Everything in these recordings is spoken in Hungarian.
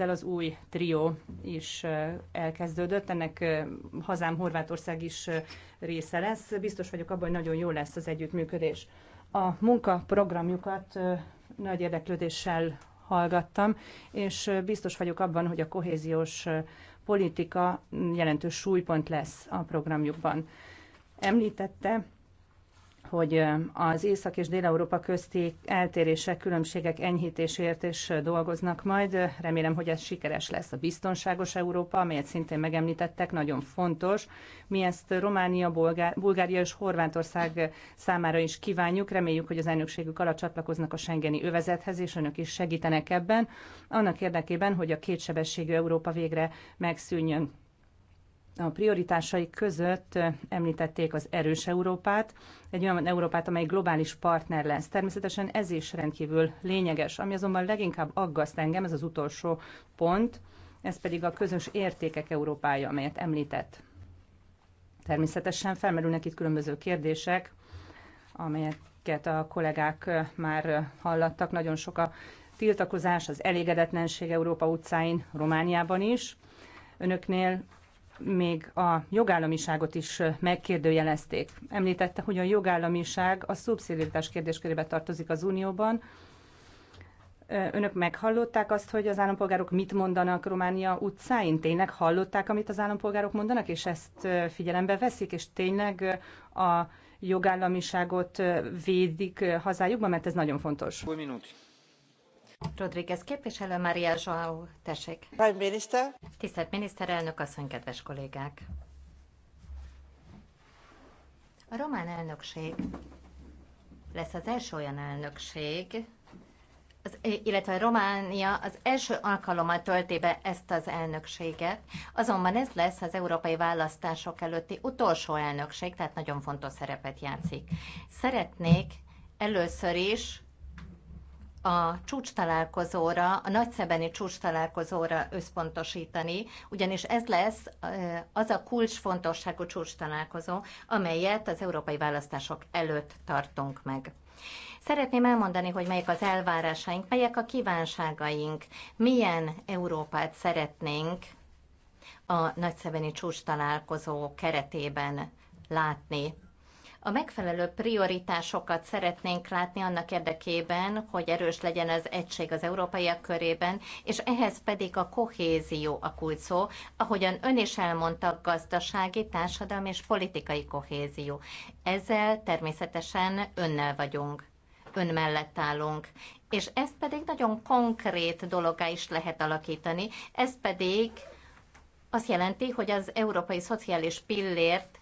ezzel az új trió is elkezdődött. Ennek hazám Horvátország is része lesz. Biztos vagyok abban, hogy nagyon jó lesz az együttműködés. A munkaprogramjukat nagy érdeklődéssel hallgattam, és biztos vagyok abban, hogy a kohéziós politika jelentős súlypont lesz a programjukban. Említette hogy az Észak és Dél-Európa közti eltérések, különbségek enyhítéséért is dolgoznak majd. Remélem, hogy ez sikeres lesz. A biztonságos Európa, amelyet szintén megemlítettek, nagyon fontos. Mi ezt Románia, Bulgá- Bulgária és Horvátország számára is kívánjuk. Reméljük, hogy az elnökségük alatt csatlakoznak a Schengeni övezethez, és önök is segítenek ebben, annak érdekében, hogy a kétsebességű Európa végre megszűnjön a prioritásai között említették az erős Európát, egy olyan Európát, amely globális partner lesz. Természetesen ez is rendkívül lényeges. Ami azonban leginkább aggaszt engem, ez az utolsó pont, ez pedig a közös értékek Európája, amelyet említett. Természetesen felmerülnek itt különböző kérdések, amelyeket a kollégák már hallattak. Nagyon sok a tiltakozás, az elégedetlenség Európa utcáin, Romániában is. Önöknél még a jogállamiságot is megkérdőjelezték. Említette, hogy a jogállamiság a szubszidiaritás kérdéskörébe tartozik az Unióban. Önök meghallották azt, hogy az állampolgárok mit mondanak Románia utcáin? Tényleg hallották, amit az állampolgárok mondanak, és ezt figyelembe veszik, és tényleg a jogállamiságot védik hazájukban, mert ez nagyon fontos. Új Rodríguez képviselő, Maria Joao, tessék. Prime Minister. Tisztelt miniszterelnök asszony, kedves kollégák. A román elnökség lesz az első olyan elnökség, az, illetve Románia az első alkalommal tölti be ezt az elnökséget, azonban ez lesz az európai választások előtti utolsó elnökség, tehát nagyon fontos szerepet játszik. Szeretnék először is a csúcs találkozóra, a nagyszebeni csúcs találkozóra összpontosítani, ugyanis ez lesz az a kulcsfontosságú csúcs találkozó, amelyet az európai választások előtt tartunk meg. Szeretném elmondani, hogy melyek az elvárásaink, melyek a kívánságaink, milyen Európát szeretnénk a nagyszebeni csúcs találkozó keretében látni. A megfelelő prioritásokat szeretnénk látni annak érdekében, hogy erős legyen az egység az európaiak körében, és ehhez pedig a kohézió a kult szó, ahogyan ön is elmondta, gazdasági, társadalmi és politikai kohézió. Ezzel természetesen önnel vagyunk ön mellett állunk. És ezt pedig nagyon konkrét dologá is lehet alakítani, ez pedig azt jelenti, hogy az európai szociális pillért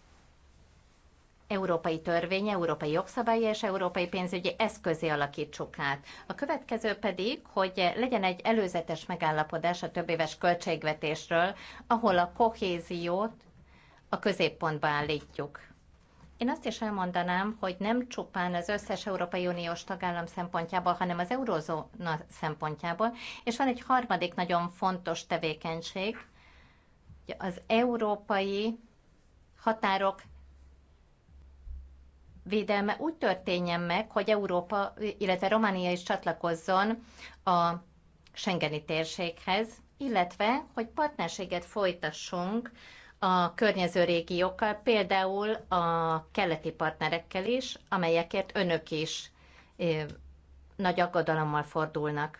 európai törvény, európai jogszabály és európai pénzügyi eszközé alakítsuk át. A következő pedig, hogy legyen egy előzetes megállapodás a többéves költségvetésről, ahol a kohéziót a középpontba állítjuk. Én azt is elmondanám, hogy nem csupán az összes Európai Uniós tagállam szempontjából, hanem az eurozóna szempontjából, és van egy harmadik nagyon fontos tevékenység, az európai határok védelme úgy történjen meg, hogy Európa, illetve Románia is csatlakozzon a Schengeni térséghez, illetve hogy partnerséget folytassunk a környező régiókkal, például a keleti partnerekkel is, amelyekért önök is nagy aggodalommal fordulnak.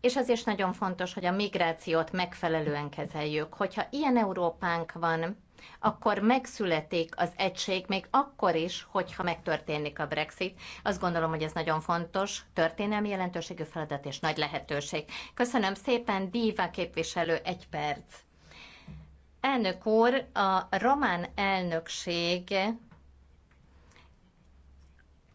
És az is nagyon fontos, hogy a migrációt megfelelően kezeljük. Hogyha ilyen Európánk van, akkor megszületik az egység, még akkor is, hogyha megtörténik a Brexit. Azt gondolom, hogy ez nagyon fontos, történelmi jelentőségű feladat és nagy lehetőség. Köszönöm szépen, Díva képviselő, egy perc. Elnök úr, a román elnökség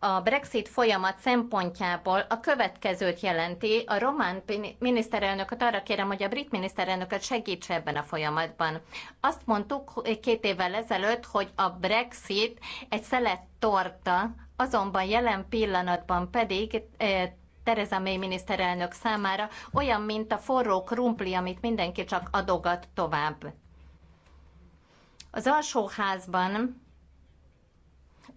a Brexit folyamat szempontjából a következőt jelenti. A román miniszterelnököt arra kérem, hogy a brit miniszterelnököt segítse ebben a folyamatban. Azt mondtuk két évvel ezelőtt, hogy a Brexit egy szelet torta, azonban jelen pillanatban pedig eh, Tereza May miniszterelnök számára olyan, mint a forró krumpli, amit mindenki csak adogat tovább. Az alsóházban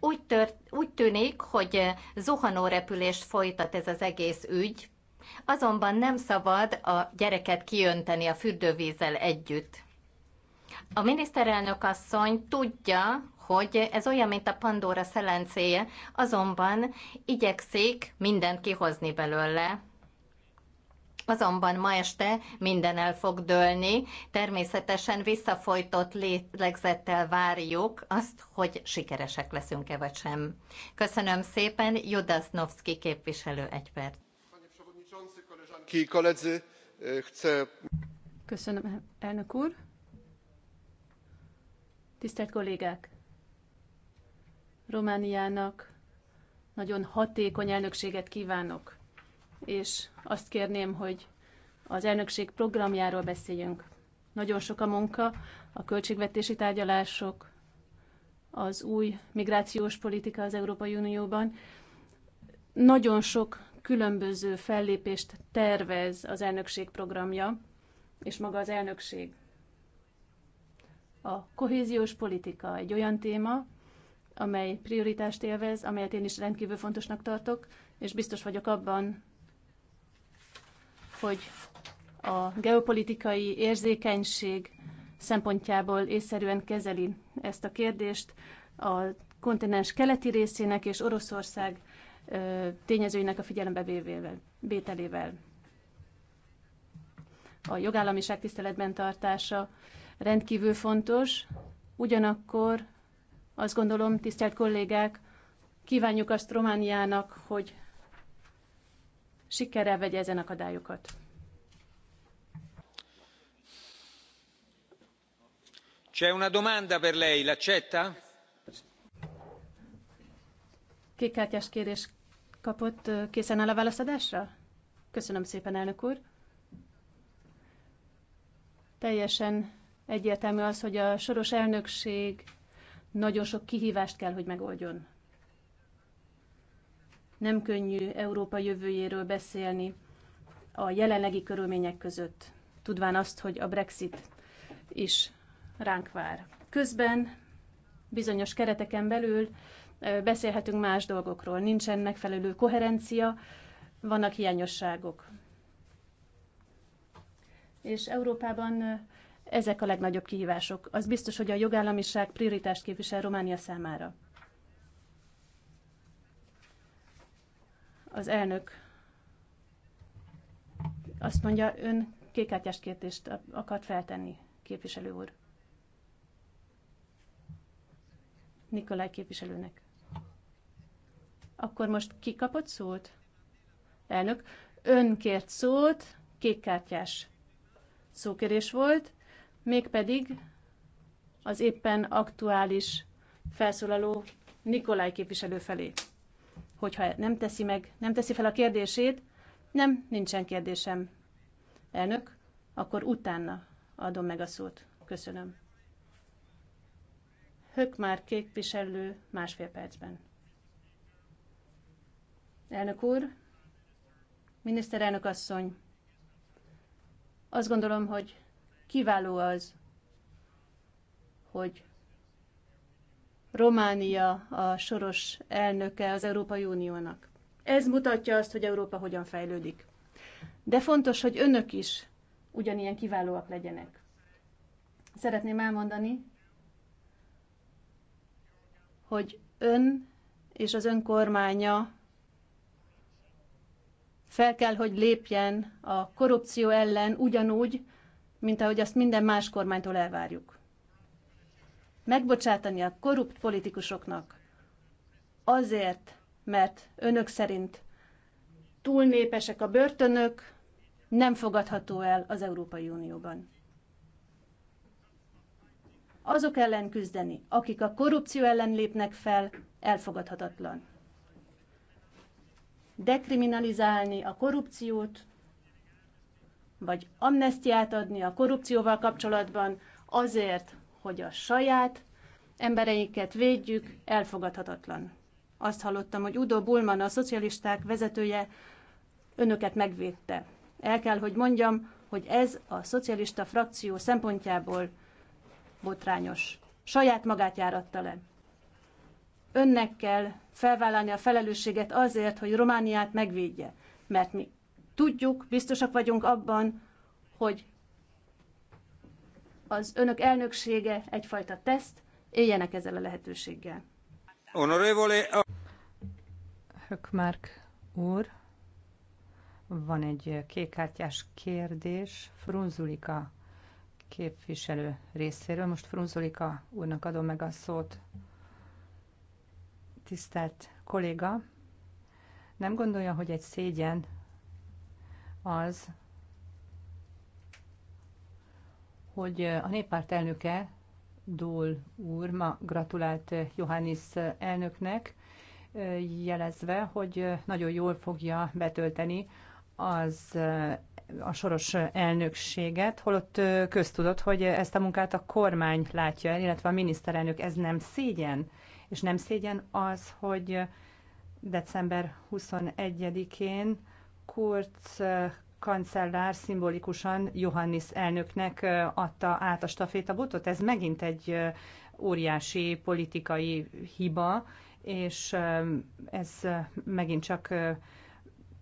úgy, tört, úgy tűnik, hogy eh, zuhanó repülést folytat ez az egész ügy, azonban nem szabad a gyereket kiönteni a fürdővízzel együtt. A miniszterelnök asszony tudja, hogy ez olyan, mint a Pandora szelencéje, azonban igyekszik mindent kihozni belőle, Azonban ma este minden el fog dőlni, természetesen visszafolytott lélegzettel várjuk azt, hogy sikeresek leszünk-e vagy sem. Köszönöm szépen, Novski képviselő egy perc. Köszönöm, elnök úr. Tisztelt kollégák! Romániának nagyon hatékony elnökséget kívánok és azt kérném, hogy az elnökség programjáról beszéljünk. Nagyon sok a munka, a költségvetési tárgyalások, az új migrációs politika az Európai Unióban. Nagyon sok különböző fellépést tervez az elnökség programja, és maga az elnökség. A kohéziós politika egy olyan téma, amely prioritást élvez, amelyet én is rendkívül fontosnak tartok, és biztos vagyok abban, hogy a geopolitikai érzékenység szempontjából észszerűen kezeli ezt a kérdést. A kontinens keleti részének és Oroszország tényezőinek a figyelembe vételével. A jogállamiság tiszteletben tartása rendkívül fontos, ugyanakkor azt gondolom, tisztelt kollégák, kívánjuk azt Romániának, hogy sikerrel vegye ezen akadályokat. C'è una domanda per lei, l'accetta? Kékkártyás kérés kapott, készen áll a válaszadásra? Köszönöm szépen, elnök úr. Teljesen egyértelmű az, hogy a soros elnökség nagyon sok kihívást kell, hogy megoldjon. Nem könnyű Európa jövőjéről beszélni a jelenlegi körülmények között, tudván azt, hogy a Brexit is ránk vár. Közben bizonyos kereteken belül beszélhetünk más dolgokról. Nincsen megfelelő koherencia, vannak hiányosságok. És Európában ezek a legnagyobb kihívások. Az biztos, hogy a jogállamiság prioritást képvisel Románia számára. Az elnök azt mondja, ön kékártyás kérdést akart feltenni, képviselő úr. Nikolaj képviselőnek. Akkor most ki kapott szót? Elnök, ön kért szót, kékkártyás szókérés volt, mégpedig az éppen aktuális felszólaló Nikolaj képviselő felé hogyha nem teszi meg, nem teszi fel a kérdését, nem, nincsen kérdésem. Elnök, akkor utána adom meg a szót. Köszönöm. Hök már képviselő másfél percben. Elnök úr, miniszterelnök asszony, azt gondolom, hogy kiváló az, hogy Románia a soros elnöke az Európai Uniónak. Ez mutatja azt, hogy Európa hogyan fejlődik. De fontos, hogy önök is ugyanilyen kiválóak legyenek. Szeretném elmondani, hogy ön és az ön kormánya fel kell, hogy lépjen a korrupció ellen ugyanúgy, mint ahogy azt minden más kormánytól elvárjuk megbocsátani a korrupt politikusoknak. Azért, mert önök szerint túl népesek a börtönök, nem fogadható el az Európai Unióban. Azok ellen küzdeni, akik a korrupció ellen lépnek fel, elfogadhatatlan. Dekriminalizálni a korrupciót, vagy amnestiát adni a korrupcióval kapcsolatban azért, hogy a saját embereinket védjük, elfogadhatatlan. Azt hallottam, hogy Udo Bulman, a szocialisták vezetője, önöket megvédte. El kell, hogy mondjam, hogy ez a szocialista frakció szempontjából botrányos. Saját magát járatta le. Önnek kell felvállalni a felelősséget azért, hogy Romániát megvédje, mert mi tudjuk, biztosak vagyunk abban, hogy az önök elnöksége egyfajta teszt, éljenek ezzel a lehetőséggel. Honorevole... Hökmark úr, van egy kékkártyás kérdés Frunzulika képviselő részéről. Most Frunzulika úrnak adom meg a szót. Tisztelt kolléga, nem gondolja, hogy egy szégyen az, hogy a néppárt elnöke, Dól úr ma gratulált Johannis elnöknek, jelezve, hogy nagyon jól fogja betölteni az a soros elnökséget, holott köztudott, hogy ezt a munkát a kormány látja el, illetve a miniszterelnök. Ez nem szégyen, és nem szégyen az, hogy december 21-én Kurz kancellár szimbolikusan Johannis elnöknek adta át a stafétabotot. Ez megint egy óriási politikai hiba, és ez megint csak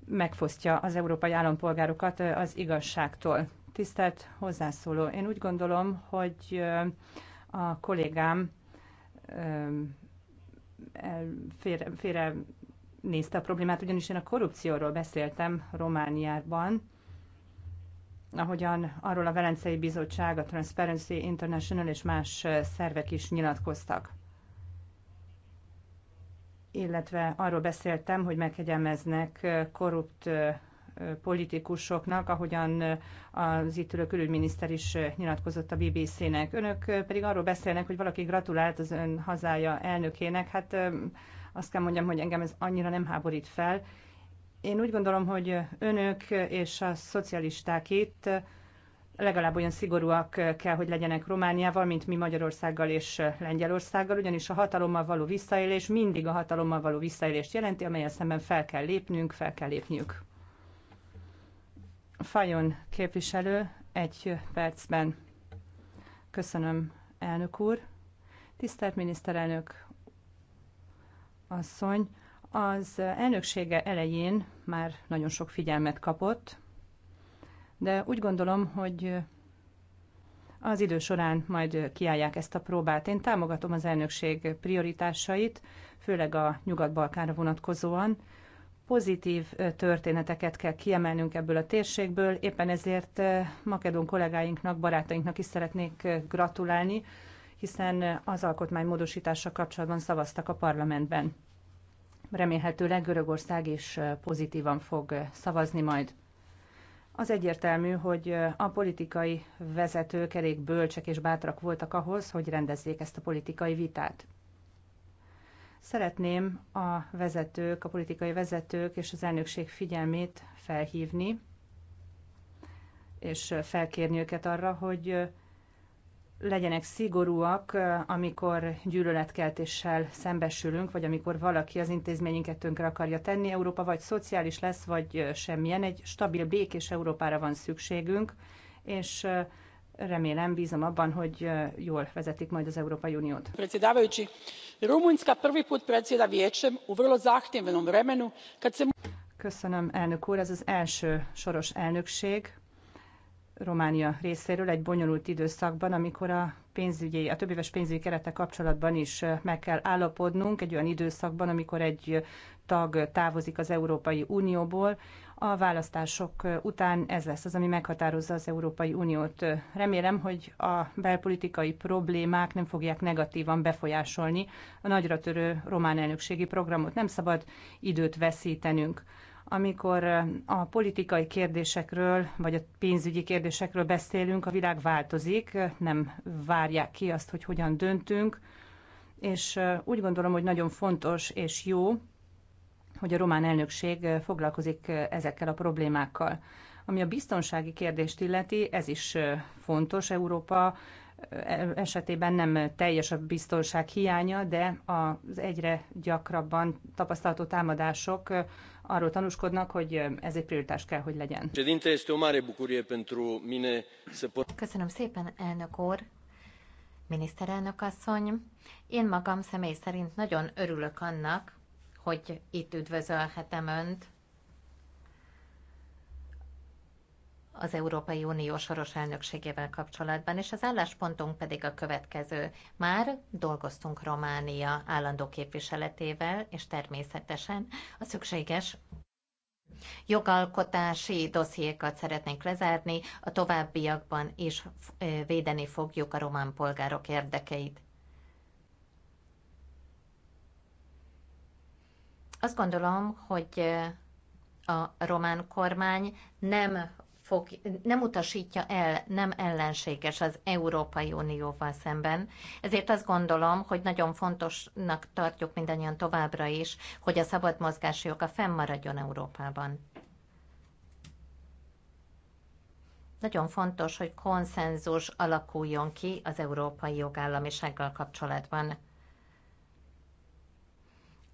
megfosztja az európai állampolgárokat az igazságtól. Tisztelt hozzászóló, én úgy gondolom, hogy a kollégám félre, félre nézte a problémát, ugyanis én a korrupcióról beszéltem Romániában, ahogyan arról a Velencei Bizottság, a Transparency International és más szervek is nyilatkoztak. Illetve arról beszéltem, hogy megkegyelmeznek korrupt politikusoknak, ahogyan az itt ülő külügyminiszter is nyilatkozott a BBC-nek. Önök pedig arról beszélnek, hogy valaki gratulált az ön hazája elnökének. Hát azt kell mondjam, hogy engem ez annyira nem háborít fel, én úgy gondolom, hogy önök és a szocialisták itt legalább olyan szigorúak kell, hogy legyenek Romániával, mint mi Magyarországgal és Lengyelországgal, ugyanis a hatalommal való visszaélés mindig a hatalommal való visszaélést jelenti, amelyen szemben fel kell lépnünk, fel kell lépniük. Fajon képviselő, egy percben. Köszönöm, elnök úr. Tisztelt miniszterelnök asszony, az elnöksége elején már nagyon sok figyelmet kapott, de úgy gondolom, hogy az idő során majd kiállják ezt a próbát. Én támogatom az elnökség prioritásait, főleg a Nyugat-Balkánra vonatkozóan. Pozitív történeteket kell kiemelnünk ebből a térségből, éppen ezért makedon kollégáinknak, barátainknak is szeretnék gratulálni, hiszen az alkotmány módosítása kapcsolatban szavaztak a parlamentben remélhetőleg Görögország is pozitívan fog szavazni majd. Az egyértelmű, hogy a politikai vezetők elég bölcsek és bátrak voltak ahhoz, hogy rendezzék ezt a politikai vitát. Szeretném a vezetők, a politikai vezetők és az elnökség figyelmét felhívni, és felkérni őket arra, hogy legyenek szigorúak, amikor gyűlöletkeltéssel szembesülünk, vagy amikor valaki az intézményünket tönkre akarja tenni. Európa vagy szociális lesz, vagy semmilyen. Egy stabil, békés Európára van szükségünk, és remélem, bízom abban, hogy jól vezetik majd az Európai Uniót. Köszönöm, elnök úr, ez az első soros elnökség, Románia részéről egy bonyolult időszakban, amikor a pénzügyi, a többéves pénzügyi kerete kapcsolatban is meg kell állapodnunk egy olyan időszakban, amikor egy tag távozik az Európai Unióból. A választások után ez lesz az, ami meghatározza az Európai Uniót. Remélem, hogy a belpolitikai problémák nem fogják negatívan befolyásolni a nagyra törő román elnökségi programot. Nem szabad időt veszítenünk amikor a politikai kérdésekről, vagy a pénzügyi kérdésekről beszélünk, a világ változik, nem várják ki azt, hogy hogyan döntünk, és úgy gondolom, hogy nagyon fontos és jó, hogy a román elnökség foglalkozik ezekkel a problémákkal. Ami a biztonsági kérdést illeti, ez is fontos. Európa esetében nem teljes a biztonság hiánya, de az egyre gyakrabban tapasztalható támadások arról tanúskodnak, hogy ez egy prioritás kell, hogy legyen. Köszönöm szépen, elnök úr! Miniszterelnök asszony, én magam személy szerint nagyon örülök annak, hogy itt üdvözölhetem Önt, az Európai Unió soros elnökségével kapcsolatban, és az álláspontunk pedig a következő. Már dolgoztunk Románia állandó képviseletével, és természetesen a szükséges jogalkotási dossziékat szeretnénk lezárni, a továbbiakban is védeni fogjuk a román polgárok érdekeit. Azt gondolom, hogy a román kormány nem fog, nem utasítja el, nem ellenséges az Európai Unióval szemben. Ezért azt gondolom, hogy nagyon fontosnak tartjuk mindannyian továbbra is, hogy a szabad mozgási joga fennmaradjon Európában. Nagyon fontos, hogy konszenzus alakuljon ki az európai jogállamisággal kapcsolatban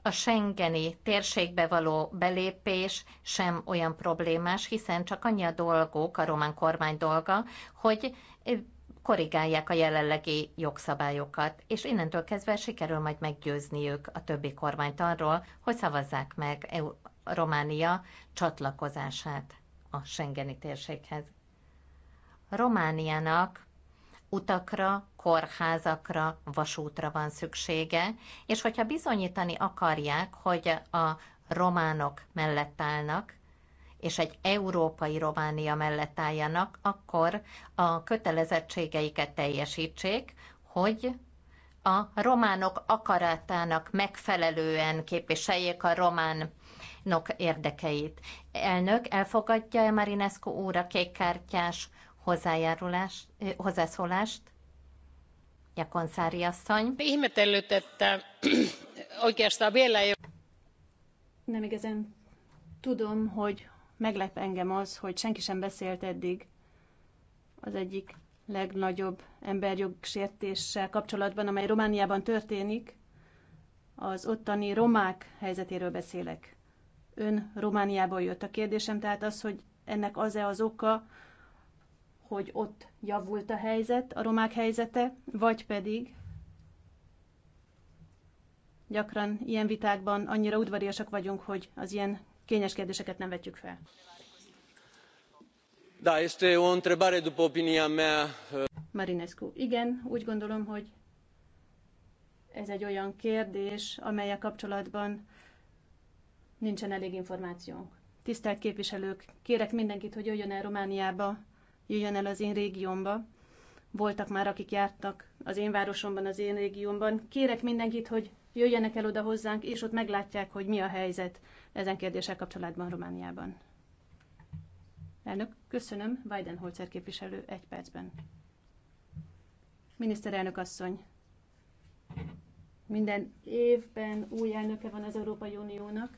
a Schengeni térségbe való belépés sem olyan problémás, hiszen csak annyi a dolguk, a román kormány dolga, hogy korrigálják a jelenlegi jogszabályokat, és innentől kezdve sikerül majd meggyőzni ők a többi kormányt arról, hogy szavazzák meg EU- Románia csatlakozását a Schengeni térséghez. Romániának utakra, kórházakra, vasútra van szüksége, és hogyha bizonyítani akarják, hogy a románok mellett állnak, és egy európai Románia mellett álljanak, akkor a kötelezettségeiket teljesítsék, hogy a románok akaratának megfelelően képviseljék a románok érdekeit. Elnök, elfogadja-e Marinescu úr a kékkártyás hozzájárulás, hozzászólást. Jakonszári asszony. Ihmetellyt, oikeastaan vielä Nem igazán tudom, hogy meglep engem az, hogy senki sem beszélt eddig az egyik legnagyobb emberjogsértéssel kapcsolatban, amely Romániában történik, az ottani romák helyzetéről beszélek. Ön Romániából jött a kérdésem, tehát az, hogy ennek az-e az oka, hogy ott javult a helyzet, a romák helyzete, vagy pedig gyakran ilyen vitákban annyira udvariasak vagyunk, hogy az ilyen kényes kérdéseket nem vetjük fel. Da, este o întrebare după opinia mea. Uh, Marinescu, igen, úgy gondolom, hogy ez egy olyan kérdés, amelyek kapcsolatban nincsen elég információnk. Tisztelt képviselők, kérek mindenkit, hogy jöjjön el Romániába jöjjön el az én régiómba. Voltak már, akik jártak az én városomban, az én régiómban. Kérek mindenkit, hogy jöjjenek el oda hozzánk, és ott meglátják, hogy mi a helyzet ezen kérdéssel kapcsolatban Romániában. Elnök, köszönöm. Weidenholzer képviselő egy percben. Miniszterelnök asszony, minden évben új elnöke van az Európai Uniónak.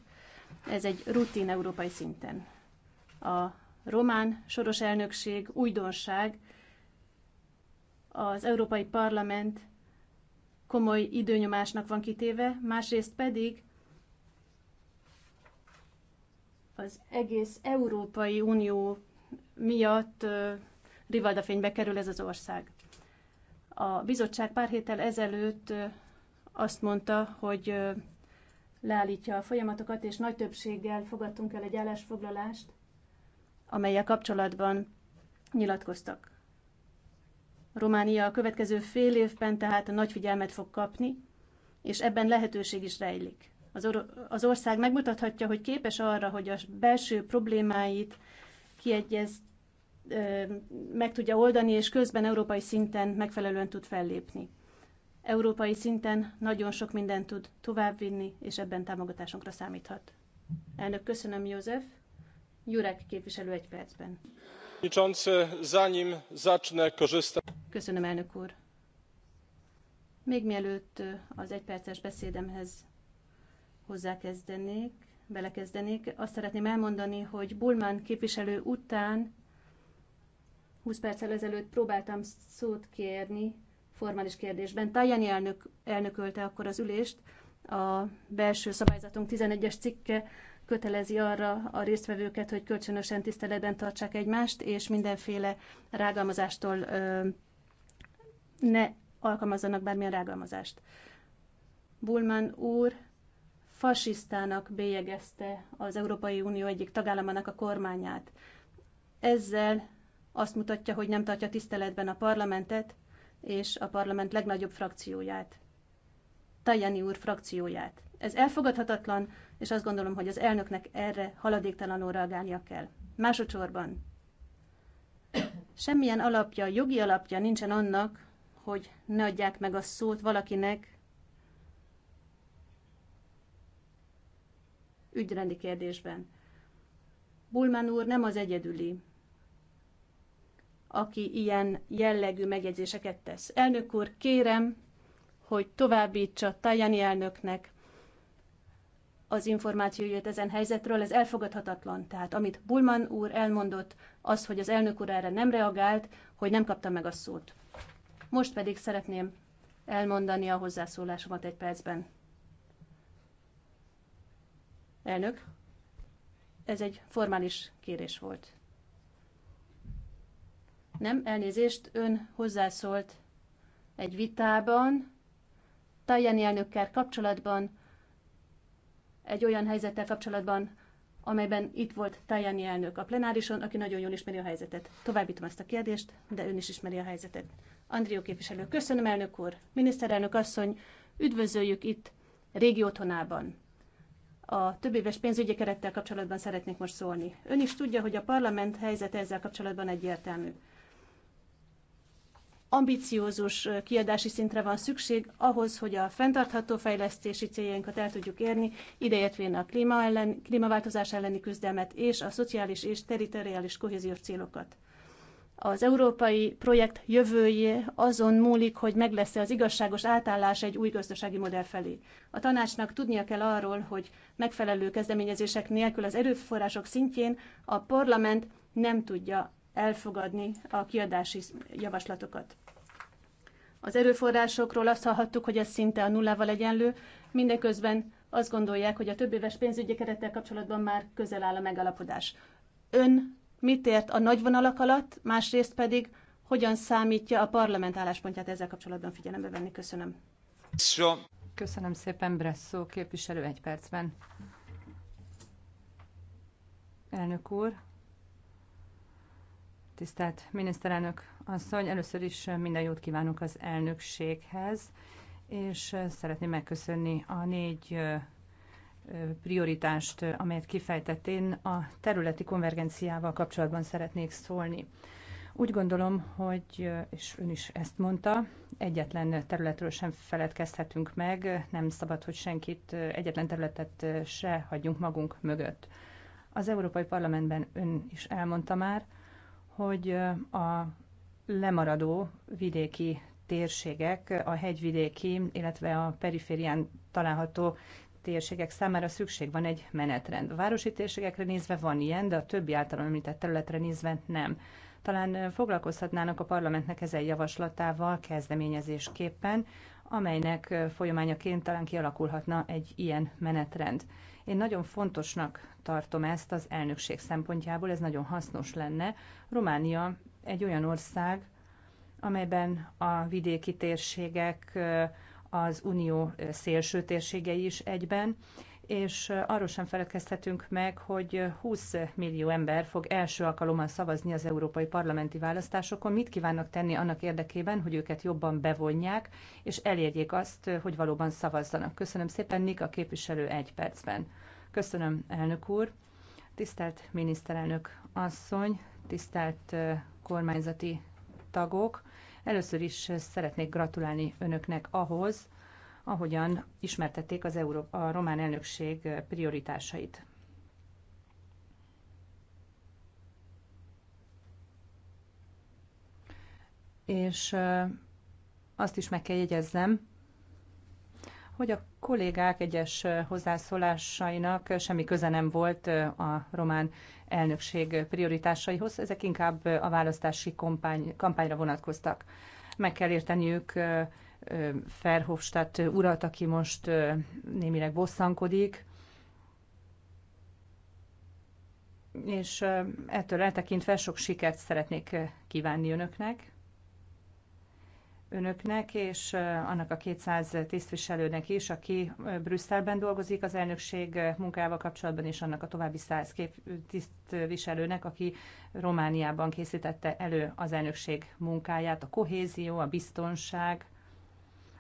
Ez egy rutin európai szinten. A román soros elnökség újdonság, az Európai Parlament komoly időnyomásnak van kitéve, másrészt pedig az egész Európai Unió miatt rivaldafénybe kerül ez az ország. A bizottság pár héttel ezelőtt azt mondta, hogy leállítja a folyamatokat, és nagy többséggel fogadtunk el egy állásfoglalást, amelyek kapcsolatban nyilatkoztak. Románia a következő fél évben tehát nagy figyelmet fog kapni, és ebben lehetőség is rejlik. Az, or- az ország megmutathatja, hogy képes arra, hogy a belső problémáit kiegyez, ö, meg tudja oldani, és közben európai szinten megfelelően tud fellépni. Európai szinten nagyon sok mindent tud továbbvinni, és ebben támogatásunkra számíthat. Elnök, köszönöm, József. Jurek képviselő egy percben. Köszönöm, elnök úr. Még mielőtt az egyperces beszédemhez hozzákezdenék, belekezdenék, azt szeretném elmondani, hogy Bulman képviselő után 20 perccel ezelőtt próbáltam szót kérni formális kérdésben. Tajani elnök, elnökölte akkor az ülést, a belső szabályzatunk 11-es cikke kötelezi arra a résztvevőket, hogy kölcsönösen tiszteletben tartsák egymást, és mindenféle rágalmazástól ö, ne alkalmazzanak bármilyen rágalmazást. Bulman úr fasisztának bélyegezte az Európai Unió egyik tagállamának a kormányát. Ezzel azt mutatja, hogy nem tartja tiszteletben a parlamentet és a parlament legnagyobb frakcióját, Tajani úr frakcióját. Ez elfogadhatatlan, és azt gondolom, hogy az elnöknek erre haladéktalanul reagálnia kell. Másodszorban semmilyen alapja, jogi alapja nincsen annak, hogy ne adják meg a szót valakinek ügyrendi kérdésben. Bulman úr nem az egyedüli, aki ilyen jellegű megjegyzéseket tesz. Elnök úr, kérem, hogy továbbítsa Tajani elnöknek, az információ jött ezen helyzetről, ez elfogadhatatlan. Tehát amit Bulman úr elmondott, az, hogy az elnök úr erre nem reagált, hogy nem kapta meg a szót. Most pedig szeretném elmondani a hozzászólásomat egy percben. Elnök, ez egy formális kérés volt. Nem, elnézést, ön hozzászólt egy vitában, Tajani elnökkel kapcsolatban, egy olyan helyzettel kapcsolatban, amelyben itt volt Tajani elnök a plenárison, aki nagyon jól ismeri a helyzetet. Továbbítom ezt a kérdést, de ön is ismeri a helyzetet. Andrió képviselő, köszönöm elnök úr, miniszterelnök asszony, üdvözöljük itt régi otthonában. A több éves pénzügyi kerettel kapcsolatban szeretnék most szólni. Ön is tudja, hogy a parlament helyzet ezzel kapcsolatban egyértelmű ambiciózus kiadási szintre van szükség ahhoz, hogy a fenntartható fejlesztési céljainkat el tudjuk érni, ideértvén a klíma ellen, klímaváltozás elleni küzdelmet és a szociális és teritoriális kohéziós célokat. Az európai projekt jövője azon múlik, hogy meg lesz az igazságos átállás egy új gazdasági modell felé. A tanácsnak tudnia kell arról, hogy megfelelő kezdeményezések nélkül az erőforrások szintjén a parlament nem tudja elfogadni a kiadási javaslatokat. Az erőforrásokról azt hallhattuk, hogy ez szinte a nullával egyenlő, mindeközben azt gondolják, hogy a több éves pénzügyi kerettel kapcsolatban már közel áll a megalapodás. Ön mit ért a nagy vonalak alatt, másrészt pedig hogyan számítja a parlament álláspontját ezzel kapcsolatban figyelembe venni? Köszönöm. So. Köszönöm szépen, Bresszó képviselő egy percben. Elnök úr, Tisztelt miniszterelnök asszony, először is minden jót kívánok az elnökséghez, és szeretném megköszönni a négy prioritást, amelyet kifejtett. Én a területi konvergenciával kapcsolatban szeretnék szólni. Úgy gondolom, hogy, és ön is ezt mondta, egyetlen területről sem feledkezhetünk meg, nem szabad, hogy senkit, egyetlen területet se hagyjunk magunk mögött. Az Európai Parlamentben ön is elmondta már, hogy a lemaradó vidéki térségek, a hegyvidéki, illetve a periférián található térségek számára szükség van egy menetrend. A városi térségekre nézve van ilyen, de a többi által említett területre nézve nem. Talán foglalkozhatnának a parlamentnek ezen javaslatával kezdeményezésképpen, amelynek folyamányaként talán kialakulhatna egy ilyen menetrend. Én nagyon fontosnak tartom ezt az elnökség szempontjából, ez nagyon hasznos lenne. Románia egy olyan ország, amelyben a vidéki térségek, az unió szélső térségei is egyben, és arról sem feledkeztetünk meg, hogy 20 millió ember fog első alkalommal szavazni az európai parlamenti választásokon. Mit kívánnak tenni annak érdekében, hogy őket jobban bevonják, és elérjék azt, hogy valóban szavazzanak? Köszönöm szépen, Nika képviselő egy percben. Köszönöm, elnök úr. Tisztelt miniszterelnök asszony, tisztelt kormányzati tagok. Először is szeretnék gratulálni önöknek ahhoz, ahogyan ismertették az Euró- a román elnökség prioritásait. És azt is meg kell jegyeznem, hogy a kollégák egyes hozzászólásainak semmi köze nem volt a román elnökség prioritásaihoz, ezek inkább a választási kampány, kampányra vonatkoztak. Meg kell érteniük Ferhofstadt urat, aki most némileg bosszankodik, és ettől eltekintve sok sikert szeretnék kívánni önöknek önöknek és annak a 200 tisztviselőnek is, aki Brüsszelben dolgozik az elnökség munkával kapcsolatban, és annak a további 100 kép tisztviselőnek, aki Romániában készítette elő az elnökség munkáját, a kohézió, a biztonság,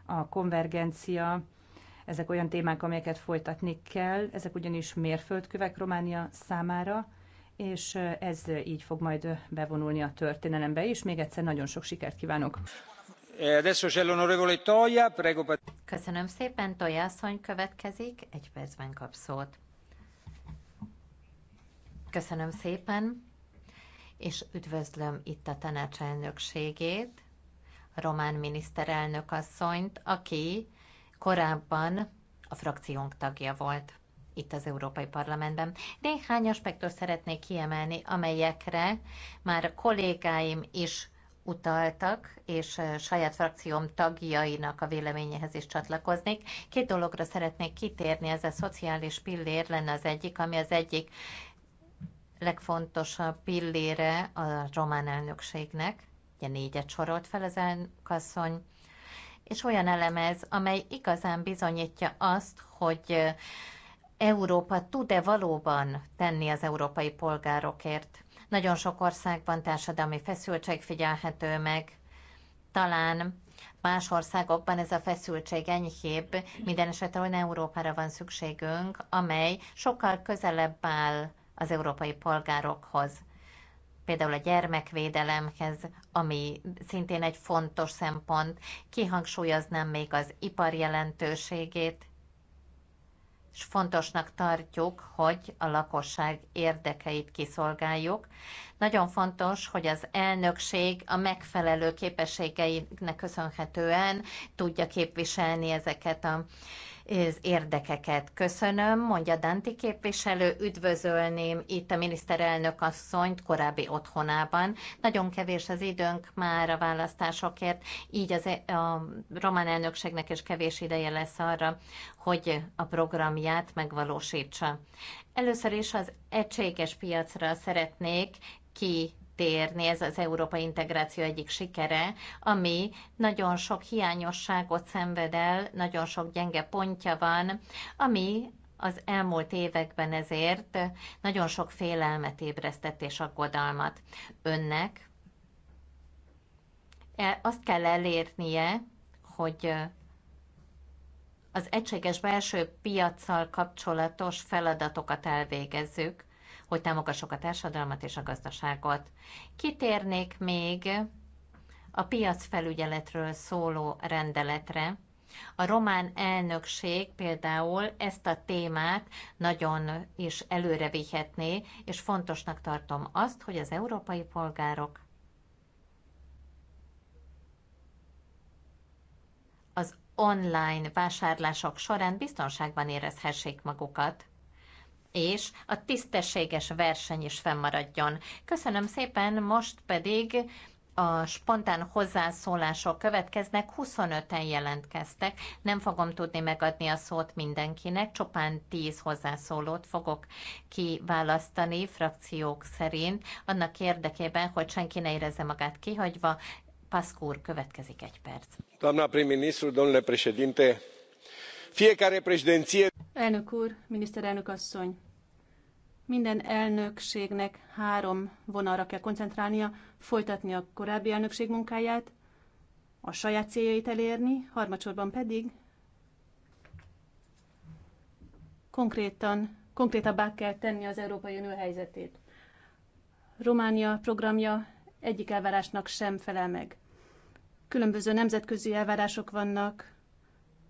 a konvergencia, ezek olyan témák, amelyeket folytatni kell, ezek ugyanis mérföldkövek Románia számára, és ez így fog majd bevonulni a történelembe is. Még egyszer nagyon sok sikert kívánok! Eh, Köszönöm szépen, következik, Köszönöm szépen, és üdvözlöm itt a tanácselnökségét, a román miniszterelnök asszonyt, aki korábban a frakciónk tagja volt itt az Európai Parlamentben. Néhány aspektust szeretnék kiemelni, amelyekre már kollégáim is utaltak, és saját frakcióm tagjainak a véleményéhez is csatlakoznék. Két dologra szeretnék kitérni, ez a szociális pillér lenne az egyik, ami az egyik legfontosabb pillére a román elnökségnek, ugye négyet sorolt fel az elnökasszony, és olyan elemez, amely igazán bizonyítja azt, hogy Európa tud-e valóban tenni az európai polgárokért. Nagyon sok országban társadalmi feszültség figyelhető meg. Talán más országokban ez a feszültség enyhébb, minden esetre olyan Európára van szükségünk, amely sokkal közelebb áll az európai polgárokhoz. Például a gyermekvédelemhez, ami szintén egy fontos szempont, kihangsúlyoznám még az ipar jelentőségét, és fontosnak tartjuk, hogy a lakosság érdekeit kiszolgáljuk. Nagyon fontos, hogy az elnökség a megfelelő képességeinek köszönhetően tudja képviselni ezeket a az érdekeket. Köszönöm, mondja Danti képviselő, üdvözölném itt a miniszterelnök asszonyt korábbi otthonában. Nagyon kevés az időnk már a választásokért, így az, e- a román elnökségnek is kevés ideje lesz arra, hogy a programját megvalósítsa. Először is az egységes piacra szeretnék ki térni, ez az európai integráció egyik sikere, ami nagyon sok hiányosságot szenved el, nagyon sok gyenge pontja van, ami az elmúlt években ezért nagyon sok félelmet ébresztett és aggodalmat. Önnek e azt kell elérnie, hogy az egységes belső piaccal kapcsolatos feladatokat elvégezzük, hogy támogassuk a társadalmat és a gazdaságot. Kitérnék még a piacfelügyeletről szóló rendeletre. A román elnökség például ezt a témát nagyon is előre vihetné, és fontosnak tartom azt, hogy az európai polgárok az online vásárlások során biztonságban érezhessék magukat és a tisztességes verseny is fennmaradjon. Köszönöm szépen, most pedig a spontán hozzászólások következnek, 25-en jelentkeztek. Nem fogom tudni megadni a szót mindenkinek, csupán 10 hozzászólót fogok kiválasztani frakciók szerint, annak érdekében, hogy senki ne érezze magát kihagyva. Paszkúr, következik egy perc. Doamna prim-ministru, domnule președinte, fiecare președinție Elnök úr, miniszterelnök asszony, minden elnökségnek három vonalra kell koncentrálnia, folytatni a korábbi elnökség munkáját, a saját céljait elérni, harmadsorban pedig konkrétan, konkrétabbá kell tenni az Európai Unió helyzetét. Románia programja egyik elvárásnak sem felel meg. Különböző nemzetközi elvárások vannak,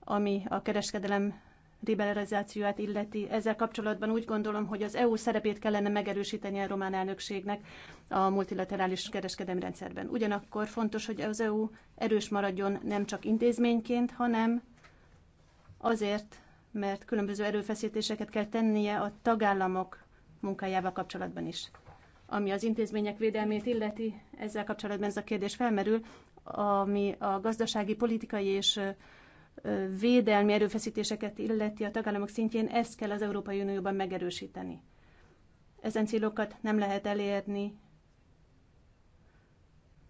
ami a kereskedelem liberalizációját illeti. Ezzel kapcsolatban úgy gondolom, hogy az EU szerepét kellene megerősíteni a román elnökségnek a multilaterális kereskedelmi rendszerben. Ugyanakkor fontos, hogy az EU erős maradjon nem csak intézményként, hanem azért, mert különböző erőfeszítéseket kell tennie a tagállamok munkájával kapcsolatban is. Ami az intézmények védelmét illeti, ezzel kapcsolatban ez a kérdés felmerül, ami a gazdasági, politikai és védelmi erőfeszítéseket illeti a tagállamok szintjén, ezt kell az Európai Unióban megerősíteni. Ezen célokat nem lehet elérni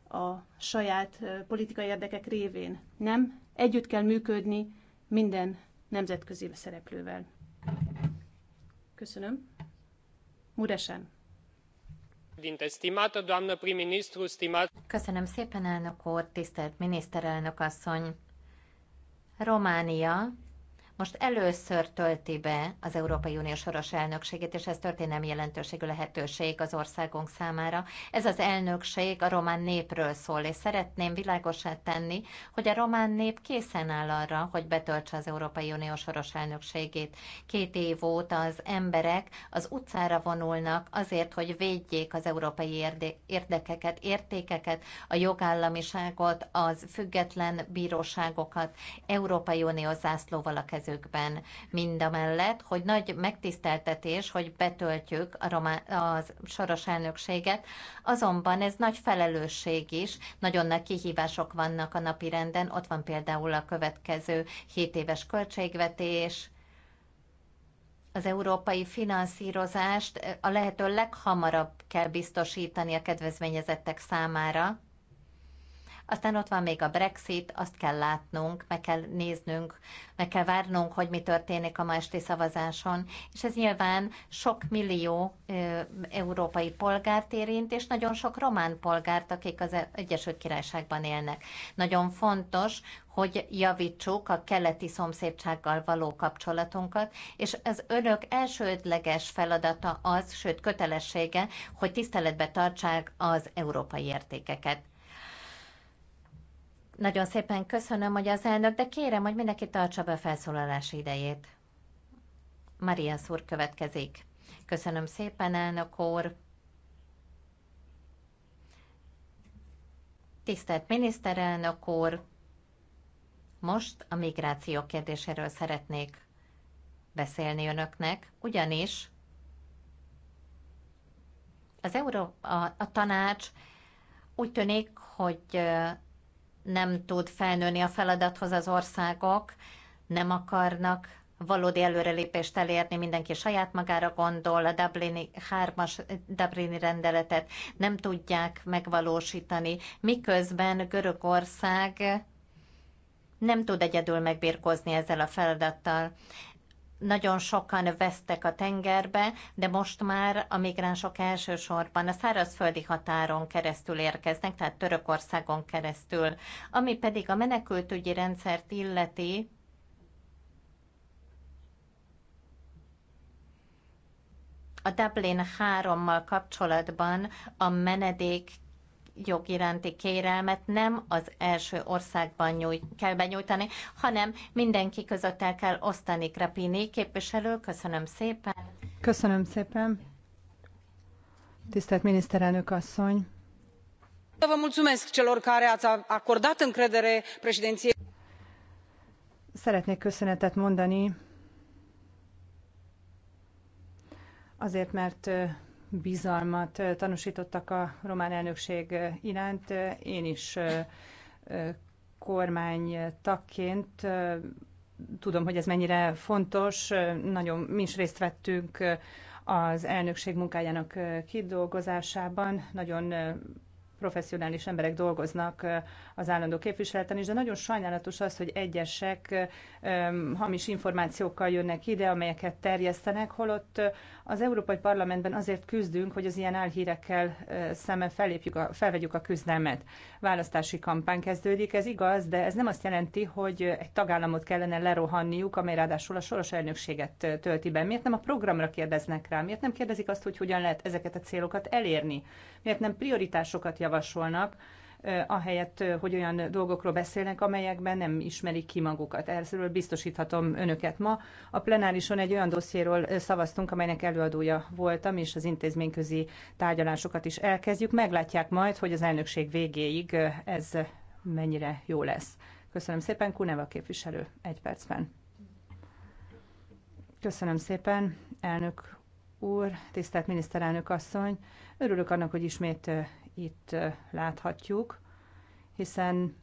a saját politikai érdekek révén. Nem, együtt kell működni minden nemzetközi szereplővel. Köszönöm. Muresen. Köszönöm szépen, elnök úr, tisztelt miniszterelnök asszony! Románia most először tölti be az Európai Unió soros elnökségét, és ez történelmi jelentőségű lehetőség az országunk számára. Ez az elnökség a román népről szól, és szeretném világosá tenni, hogy a román nép készen áll arra, hogy betöltse az Európai Unió soros elnökségét. Két év óta az emberek az utcára vonulnak azért, hogy védjék az európai érdekeket, értékeket, a jogállamiságot, az független bíróságokat, Európai Unió zászlóval a kezük életükben. mellett, hogy nagy megtiszteltetés, hogy betöltjük a, román, a soros elnökséget, azonban ez nagy felelősség is, nagyon nagy kihívások vannak a napi renden, ott van például a következő 7 éves költségvetés, az európai finanszírozást a lehető leghamarabb kell biztosítani a kedvezményezettek számára aztán ott van még a Brexit, azt kell látnunk, meg kell néznünk, meg kell várnunk, hogy mi történik a ma esti szavazáson, és ez nyilván sok millió európai polgárt érint, és nagyon sok román polgárt, akik az Egyesült Királyságban élnek. Nagyon fontos, hogy javítsuk a keleti szomszédsággal való kapcsolatunkat, és az önök elsődleges feladata az, sőt kötelessége, hogy tiszteletbe tartsák az európai értékeket. Nagyon szépen köszönöm, hogy az elnök, de kérem, hogy mindenki tartsa be a felszólalás idejét. Maria szúr következik. Köszönöm szépen, elnök úr. Tisztelt miniszterelnök úr, most a migráció kérdéséről szeretnék beszélni önöknek, ugyanis az Euró, a, a tanács úgy tűnik, hogy nem tud felnőni a feladathoz az országok, nem akarnak valódi előrelépést elérni, mindenki saját magára gondol, a Dublini hármas Dublini rendeletet nem tudják megvalósítani, miközben Görögország nem tud egyedül megbírkozni ezzel a feladattal nagyon sokan vesztek a tengerbe, de most már a migránsok elsősorban a szárazföldi határon keresztül érkeznek, tehát Törökországon keresztül. Ami pedig a menekültügyi rendszert illeti, a Dublin 3-mal kapcsolatban a menedék jog iránti kérelmet nem az első országban nyújt, kell benyújtani, hanem mindenki között el kell osztani. Krapini képviselő, köszönöm szépen. Köszönöm szépen. Tisztelt miniszterelnök asszony. Szeretnék köszönetet mondani azért, mert bizalmat tanúsítottak a román elnökség iránt. Én is kormány tagként tudom, hogy ez mennyire fontos. Nagyon mi is részt vettünk az elnökség munkájának kidolgozásában. Nagyon professzionális emberek dolgoznak az állandó képviseleten is, de nagyon sajnálatos az, hogy egyesek hamis információkkal jönnek ide, amelyeket terjesztenek, holott az Európai Parlamentben azért küzdünk, hogy az ilyen álhírekkel szemben felépjük a, felvegyük a küzdelmet. Választási kampány kezdődik, ez igaz, de ez nem azt jelenti, hogy egy tagállamot kellene lerohanniuk, amely ráadásul a soros elnökséget tölti be. Miért nem a programra kérdeznek rá? Miért nem kérdezik azt, hogy hogyan lehet ezeket a célokat elérni? Miért nem prioritásokat javasolnak? Eh, ahelyett, eh, hogy olyan dolgokról beszélnek, amelyekben nem ismerik ki magukat. Erről biztosíthatom önöket ma. A plenárison egy olyan dossziéről eh, szavaztunk, amelynek előadója voltam, és az intézményközi tárgyalásokat is elkezdjük. Meglátják majd, hogy az elnökség végéig ez mennyire jó lesz. Köszönöm szépen, Kuneva képviselő, egy percben. Köszönöm szépen, elnök úr, tisztelt miniszterelnök asszony. Örülök annak, hogy ismét itt láthatjuk, hiszen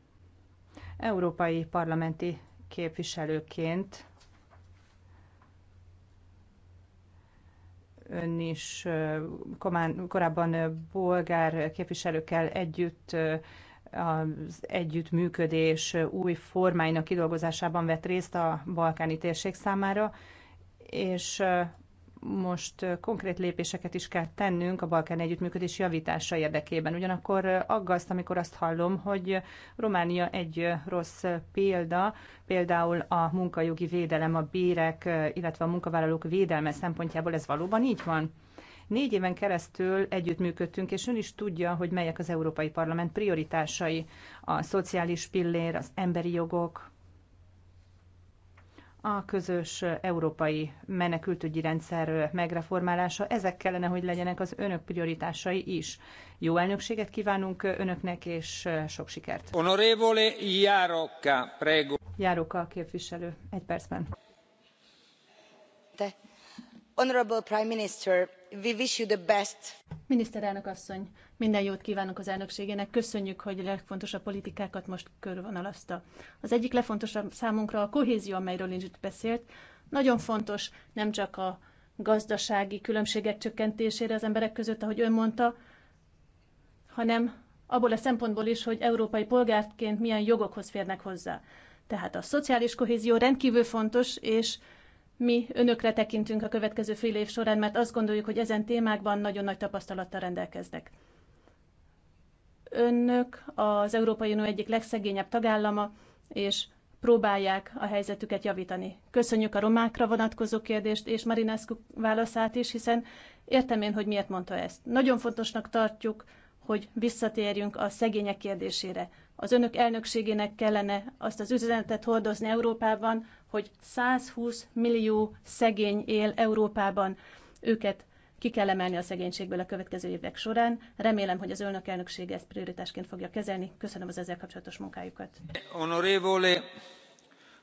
európai parlamenti képviselőként ön is korábban bolgár képviselőkkel együtt az együttműködés új formáinak kidolgozásában vett részt a balkáni térség számára, és most konkrét lépéseket is kell tennünk a Balkán együttműködés javítása érdekében. Ugyanakkor aggaszt, amikor azt hallom, hogy Románia egy rossz példa, például a munkajogi védelem, a bérek, illetve a munkavállalók védelme szempontjából ez valóban így van? Négy éven keresztül együttműködtünk, és ön is tudja, hogy melyek az Európai Parlament prioritásai, a szociális pillér, az emberi jogok, a közös európai menekültügyi rendszer megreformálása. Ezek kellene, hogy legyenek az önök prioritásai is. Jó elnökséget kívánunk önöknek, és sok sikert! Honorevole Jároka, prego. Jároka képviselő, egy percben. Honorable Prime Minister, we wish you the best. Miniszterelnök asszony, minden jót kívánok az elnökségének. Köszönjük, hogy a legfontosabb politikákat most körvonalazta. Az egyik legfontosabb számunkra a kohézió, amelyről Lincsit beszélt. Nagyon fontos nem csak a gazdasági különbségek csökkentésére az emberek között, ahogy ön mondta, hanem abból a szempontból is, hogy európai polgárként milyen jogokhoz férnek hozzá. Tehát a szociális kohézió rendkívül fontos, és mi önökre tekintünk a következő fél év során, mert azt gondoljuk, hogy ezen témákban nagyon nagy tapasztalattal rendelkeznek. Önök az Európai Unió egyik legszegényebb tagállama, és próbálják a helyzetüket javítani. Köszönjük a romákra vonatkozó kérdést és Marinescu válaszát is, hiszen értem én, hogy miért mondta ezt. Nagyon fontosnak tartjuk, hogy visszatérjünk a szegények kérdésére. Az önök elnökségének kellene azt az üzenetet hordozni Európában, hogy 120 millió szegény él Európában. Őket ki kell emelni a szegénységből a következő évek során. Remélem, hogy az önök elnöksége ezt prioritásként fogja kezelni. Köszönöm az ezzel kapcsolatos munkájukat. Honorevole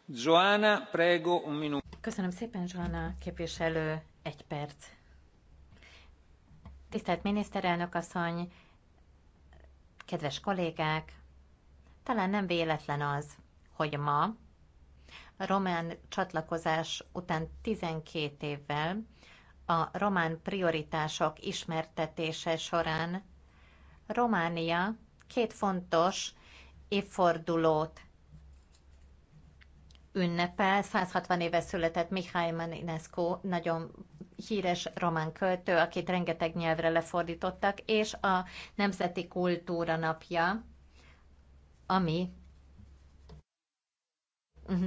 Joana, prego un minuto. Köszönöm szépen, Joana képviselő. Egy perc. Tisztelt miniszterelnök asszony, kedves kollégák, talán nem véletlen az, hogy ma román csatlakozás után 12 évvel a román prioritások ismertetése során Románia két fontos évfordulót ünnepel. 160 éve született Mihály Maninescu, nagyon híres román költő, akit rengeteg nyelvre lefordítottak, és a Nemzeti Kultúra Napja, ami mhm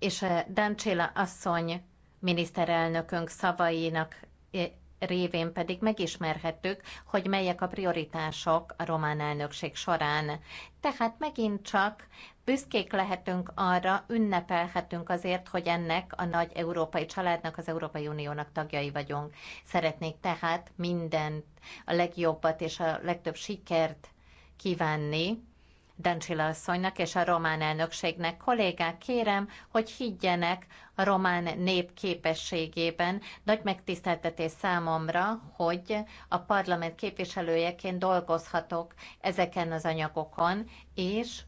és eh, Dancséla asszony miniszterelnökünk szavainak eh, révén pedig megismerhettük, hogy melyek a prioritások a román elnökség során. Tehát megint csak büszkék lehetünk arra, ünnepelhetünk azért, hogy ennek a nagy európai családnak, az Európai Uniónak tagjai vagyunk. Szeretnék tehát mindent, a legjobbat és a legtöbb sikert kívánni Dancsila asszonynak és a román elnökségnek. Kollégák, kérem, hogy higgyenek a román nép képességében. Nagy megtiszteltetés számomra, hogy a parlament képviselőjeként dolgozhatok ezeken az anyagokon, és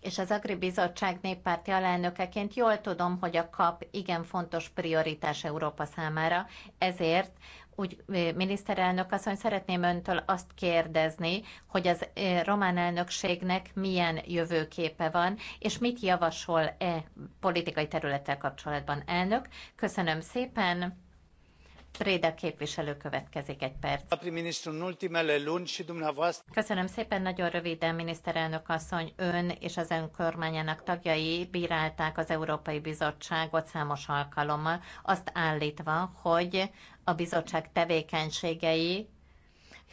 és az Agri Bizottság néppárti alelnökeként jól tudom, hogy a kap igen fontos prioritás Európa számára, ezért úgy miniszterelnök asszony, szeretném öntől azt kérdezni, hogy az román elnökségnek milyen jövőképe van, és mit javasol-e politikai területtel kapcsolatban elnök. Köszönöm szépen. Préda képviselő következik egy perc. Köszönöm szépen, nagyon röviden, miniszterelnök asszony, ön és az ön kormányának tagjai bírálták az Európai Bizottságot számos alkalommal, azt állítva, hogy a bizottság tevékenységei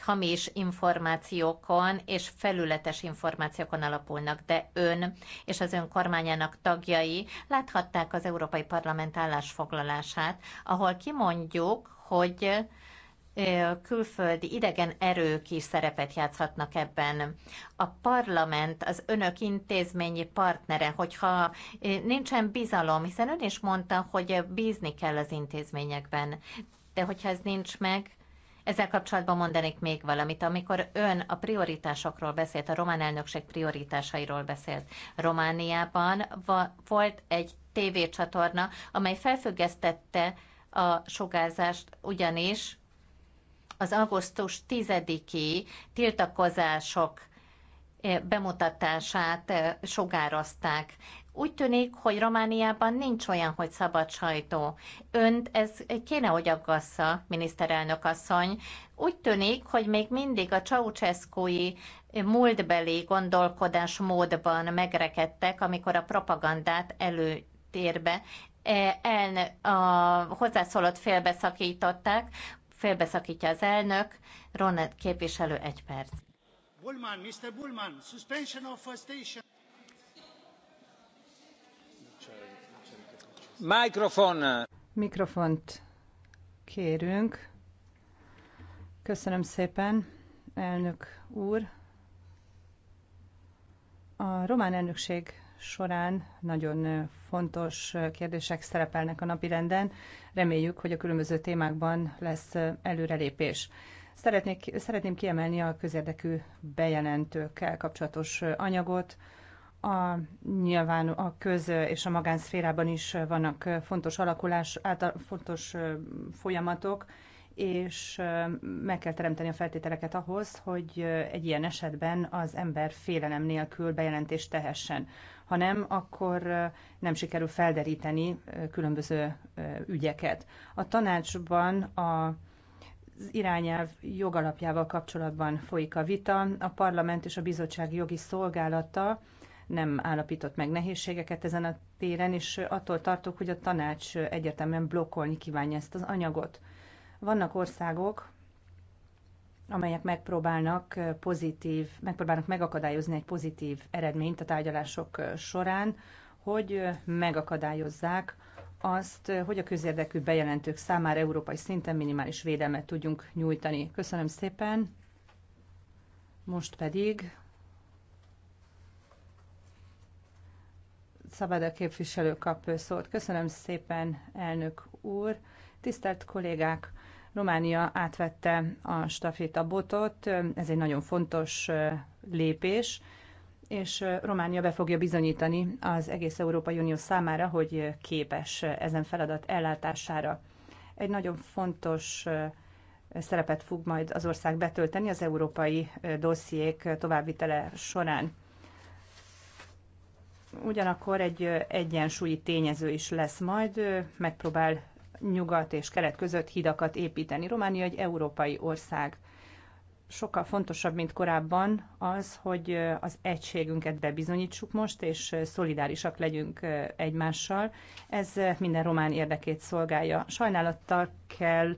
hamis információkon és felületes információkon alapulnak, de ön és az ön kormányának tagjai láthatták az Európai Parlament állásfoglalását, ahol kimondjuk, hogy külföldi idegen erők is szerepet játszhatnak ebben. A parlament az önök intézményi partnere, hogyha nincsen bizalom, hiszen ön is mondta, hogy bízni kell az intézményekben de hogyha ez nincs meg, ezzel kapcsolatban mondanék még valamit. Amikor ön a prioritásokról beszélt, a román elnökség prioritásairól beszélt, Romániában volt egy tévécsatorna, amely felfüggesztette a sugárzást, ugyanis az augusztus 10-i tiltakozások eh, bemutatását eh, sugározták. Úgy tűnik, hogy Romániában nincs olyan, hogy szabad sajtó. Önt ez kéne, hogy aggassza, miniszterelnök asszony. Úgy tűnik, hogy még mindig a Ceausescu-i múltbeli gondolkodásmódban megrekedtek, amikor a propagandát előtérbe e, el a hozzászólott félbeszakították, félbeszakítja az elnök, Ronet képviselő egy perc. Bullman, Mr. Bullman, suspension of station. Mikrofont kérünk. Köszönöm szépen, elnök úr. A román elnökség során nagyon fontos kérdések szerepelnek a napirenden. Reméljük, hogy a különböző témákban lesz előrelépés. Szeretnék, szeretném kiemelni a közérdekű bejelentőkkel kapcsolatos anyagot, a, nyilván a köz és a magánszférában is vannak fontos alakulás, által fontos folyamatok, és meg kell teremteni a feltételeket ahhoz, hogy egy ilyen esetben az ember félelem nélkül bejelentést tehessen. Ha nem, akkor nem sikerül felderíteni különböző ügyeket. A tanácsban a az irányelv jogalapjával kapcsolatban folyik a vita. A parlament és a bizottság jogi szolgálata nem állapított meg nehézségeket ezen a téren, és attól tartok, hogy a tanács egyértelműen blokkolni kívánja ezt az anyagot. Vannak országok, amelyek megpróbálnak pozitív, megpróbálnak megakadályozni egy pozitív eredményt a tárgyalások során, hogy megakadályozzák azt, hogy a közérdekű bejelentők számára európai szinten minimális védelmet tudjunk nyújtani. Köszönöm szépen. Most pedig a képviselő kap szót. Köszönöm szépen, elnök úr. Tisztelt kollégák, Románia átvette a stafétabotot, ez egy nagyon fontos lépés, és Románia be fogja bizonyítani az egész Európai Unió számára, hogy képes ezen feladat ellátására. Egy nagyon fontos szerepet fog majd az ország betölteni az európai dossziék továbbvitele során ugyanakkor egy egyensúlyi tényező is lesz majd, megpróbál nyugat és kelet között hidakat építeni. Románia egy európai ország. Sokkal fontosabb, mint korábban az, hogy az egységünket bebizonyítsuk most, és szolidárisak legyünk egymással. Ez minden román érdekét szolgálja. Sajnálattal kell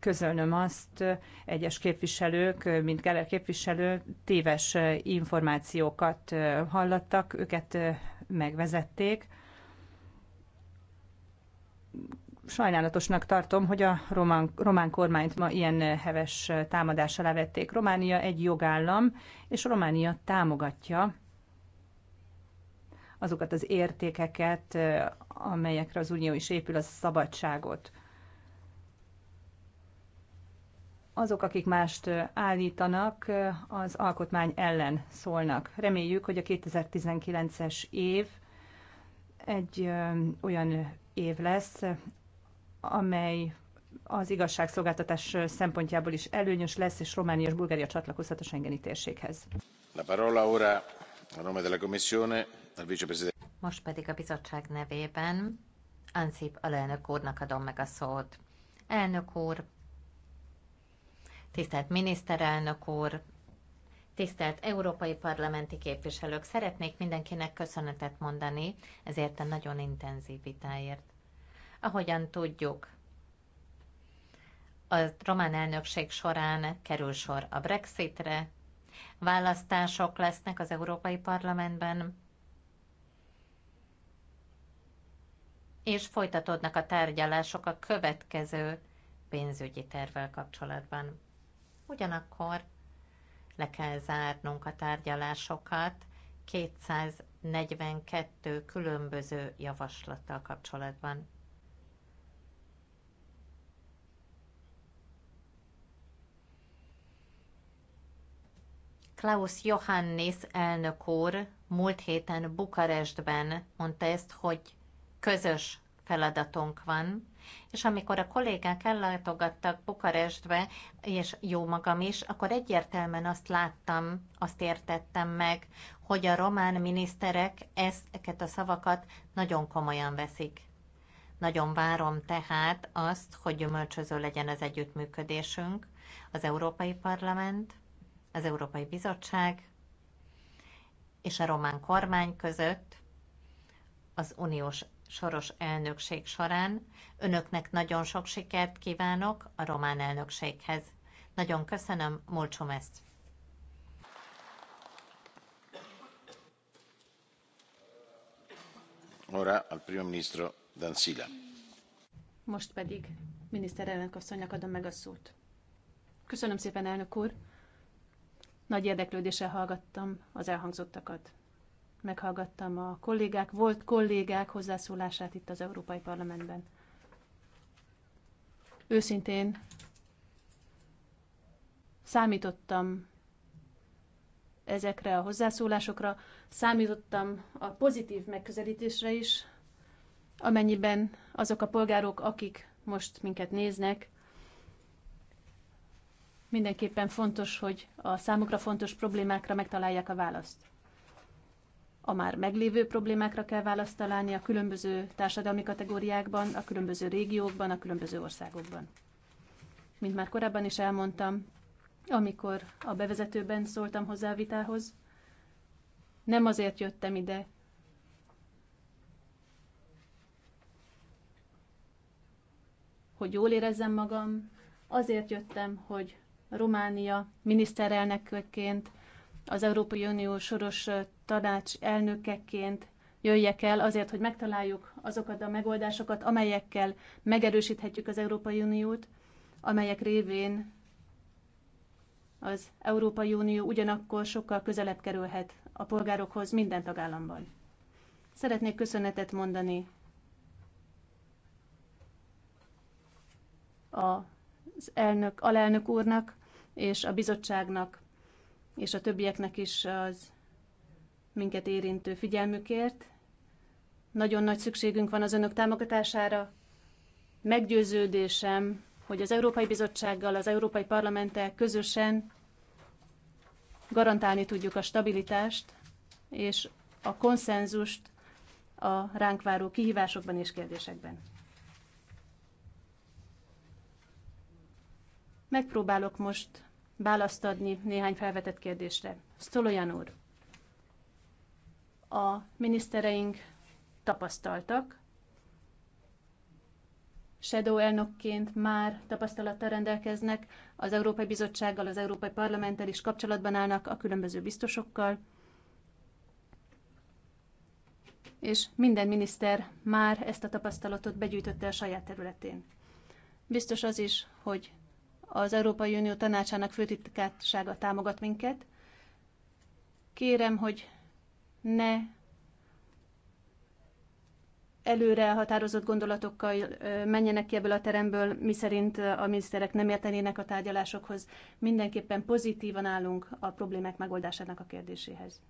közölnöm azt, egyes képviselők, mint Geller képviselő, téves információkat hallattak, őket megvezették. Sajnálatosnak tartom, hogy a román, román kormányt ma ilyen heves támadás alá Románia egy jogállam, és Románia támogatja azokat az értékeket, amelyekre az Unió is épül, a szabadságot, azok, akik mást állítanak, az alkotmány ellen szólnak. Reméljük, hogy a 2019-es év egy olyan év lesz, amely az igazságszolgáltatás szempontjából is előnyös lesz, és Románia és Bulgária csatlakozhat a Schengeni térséghez. Most pedig a bizottság nevében Ansip alelnök úrnak adom meg a szót. Elnök úr, tisztelt miniszterelnök úr, tisztelt európai parlamenti képviselők, szeretnék mindenkinek köszönetet mondani ezért a nagyon intenzív vitáért. Ahogyan tudjuk, a román elnökség során kerül sor a Brexitre, választások lesznek az Európai Parlamentben, és folytatódnak a tárgyalások a következő pénzügyi tervvel kapcsolatban. Ugyanakkor le kell zárnunk a tárgyalásokat 242 különböző javaslattal kapcsolatban. Klaus Johannis elnök úr múlt héten Bukarestben mondta ezt, hogy közös feladatunk van, és amikor a kollégák ellátogattak Bukarestbe, és jó magam is, akkor egyértelműen azt láttam, azt értettem meg, hogy a román miniszterek ezeket a szavakat nagyon komolyan veszik. Nagyon várom tehát azt, hogy gyümölcsöző legyen az együttműködésünk, az Európai Parlament, az Európai Bizottság és a román kormány között az uniós soros elnökség során. Önöknek nagyon sok sikert kívánok a román elnökséghez. Nagyon köszönöm, múlcsom ezt! Ora al primo ministro Danzila. Most pedig miniszterelnök asszonynak adom meg a szót. Köszönöm szépen, elnök úr! Nagy érdeklődéssel hallgattam az elhangzottakat meghallgattam a kollégák, volt kollégák hozzászólását itt az Európai Parlamentben. Őszintén számítottam ezekre a hozzászólásokra, számítottam a pozitív megközelítésre is, amennyiben azok a polgárok, akik most minket néznek, mindenképpen fontos, hogy a számukra fontos problémákra megtalálják a választ a már meglévő problémákra kell választ találni a különböző társadalmi kategóriákban, a különböző régiókban, a különböző országokban. Mint már korábban is elmondtam, amikor a bevezetőben szóltam hozzá a vitához, nem azért jöttem ide, hogy jól érezzem magam, azért jöttem, hogy Románia miniszterelnökként az Európai Unió soros tanács elnökeként jöjjek el azért, hogy megtaláljuk azokat a megoldásokat, amelyekkel megerősíthetjük az Európai Uniót, amelyek révén az Európai Unió ugyanakkor sokkal közelebb kerülhet a polgárokhoz minden tagállamban. Szeretnék köszönetet mondani az elnök, alelnök úrnak és a bizottságnak és a többieknek is az minket érintő figyelmükért. Nagyon nagy szükségünk van az önök támogatására. Meggyőződésem, hogy az Európai Bizottsággal, az Európai Parlamenttel közösen garantálni tudjuk a stabilitást és a konszenzust a ránk váró kihívásokban és kérdésekben. Megpróbálok most választ adni néhány felvetett kérdésre. Sztolojan úr, a minisztereink tapasztaltak, Shadow elnökként már tapasztalattal rendelkeznek, az Európai Bizottsággal, az Európai Parlamenttel is kapcsolatban állnak a különböző biztosokkal, és minden miniszter már ezt a tapasztalatot begyűjtötte a saját területén. Biztos az is, hogy az Európai Unió tanácsának főtitkársága támogat minket. Kérem, hogy ne előre határozott gondolatokkal menjenek ki ebből a teremből, miszerint a miniszterek nem értenének a tárgyalásokhoz. Mindenképpen pozitívan állunk a problémák megoldásának a kérdéséhez.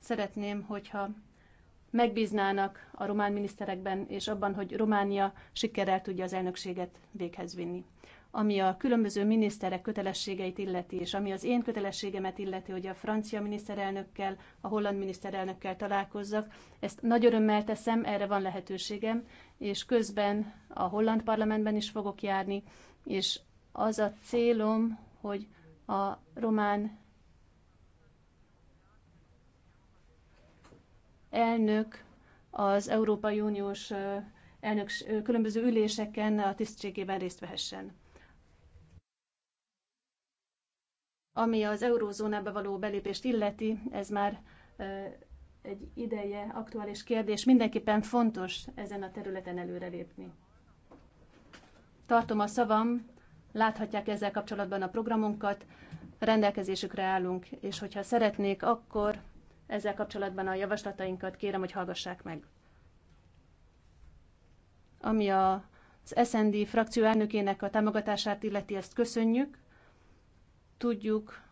Szeretném, hogyha megbíznának a román miniszterekben, és abban, hogy Románia sikerrel tudja az elnökséget véghez vinni. Ami a különböző miniszterek kötelességeit illeti, és ami az én kötelességemet illeti, hogy a francia miniszterelnökkel, a holland miniszterelnökkel találkozzak, ezt nagy örömmel teszem, erre van lehetőségem, és közben a holland parlamentben is fogok járni, és az a célom, hogy a román elnök az Európai Uniós elnök különböző üléseken a tisztségében részt vehessen. Ami az eurózónába való belépést illeti, ez már egy ideje aktuális kérdés, mindenképpen fontos ezen a területen előrelépni. Tartom a szavam, láthatják ezzel kapcsolatban a programunkat, rendelkezésükre állunk, és hogyha szeretnék, akkor ezzel kapcsolatban a javaslatainkat kérem, hogy hallgassák meg. Ami a, az SND frakció elnökének a támogatását illeti, ezt köszönjük. Tudjuk,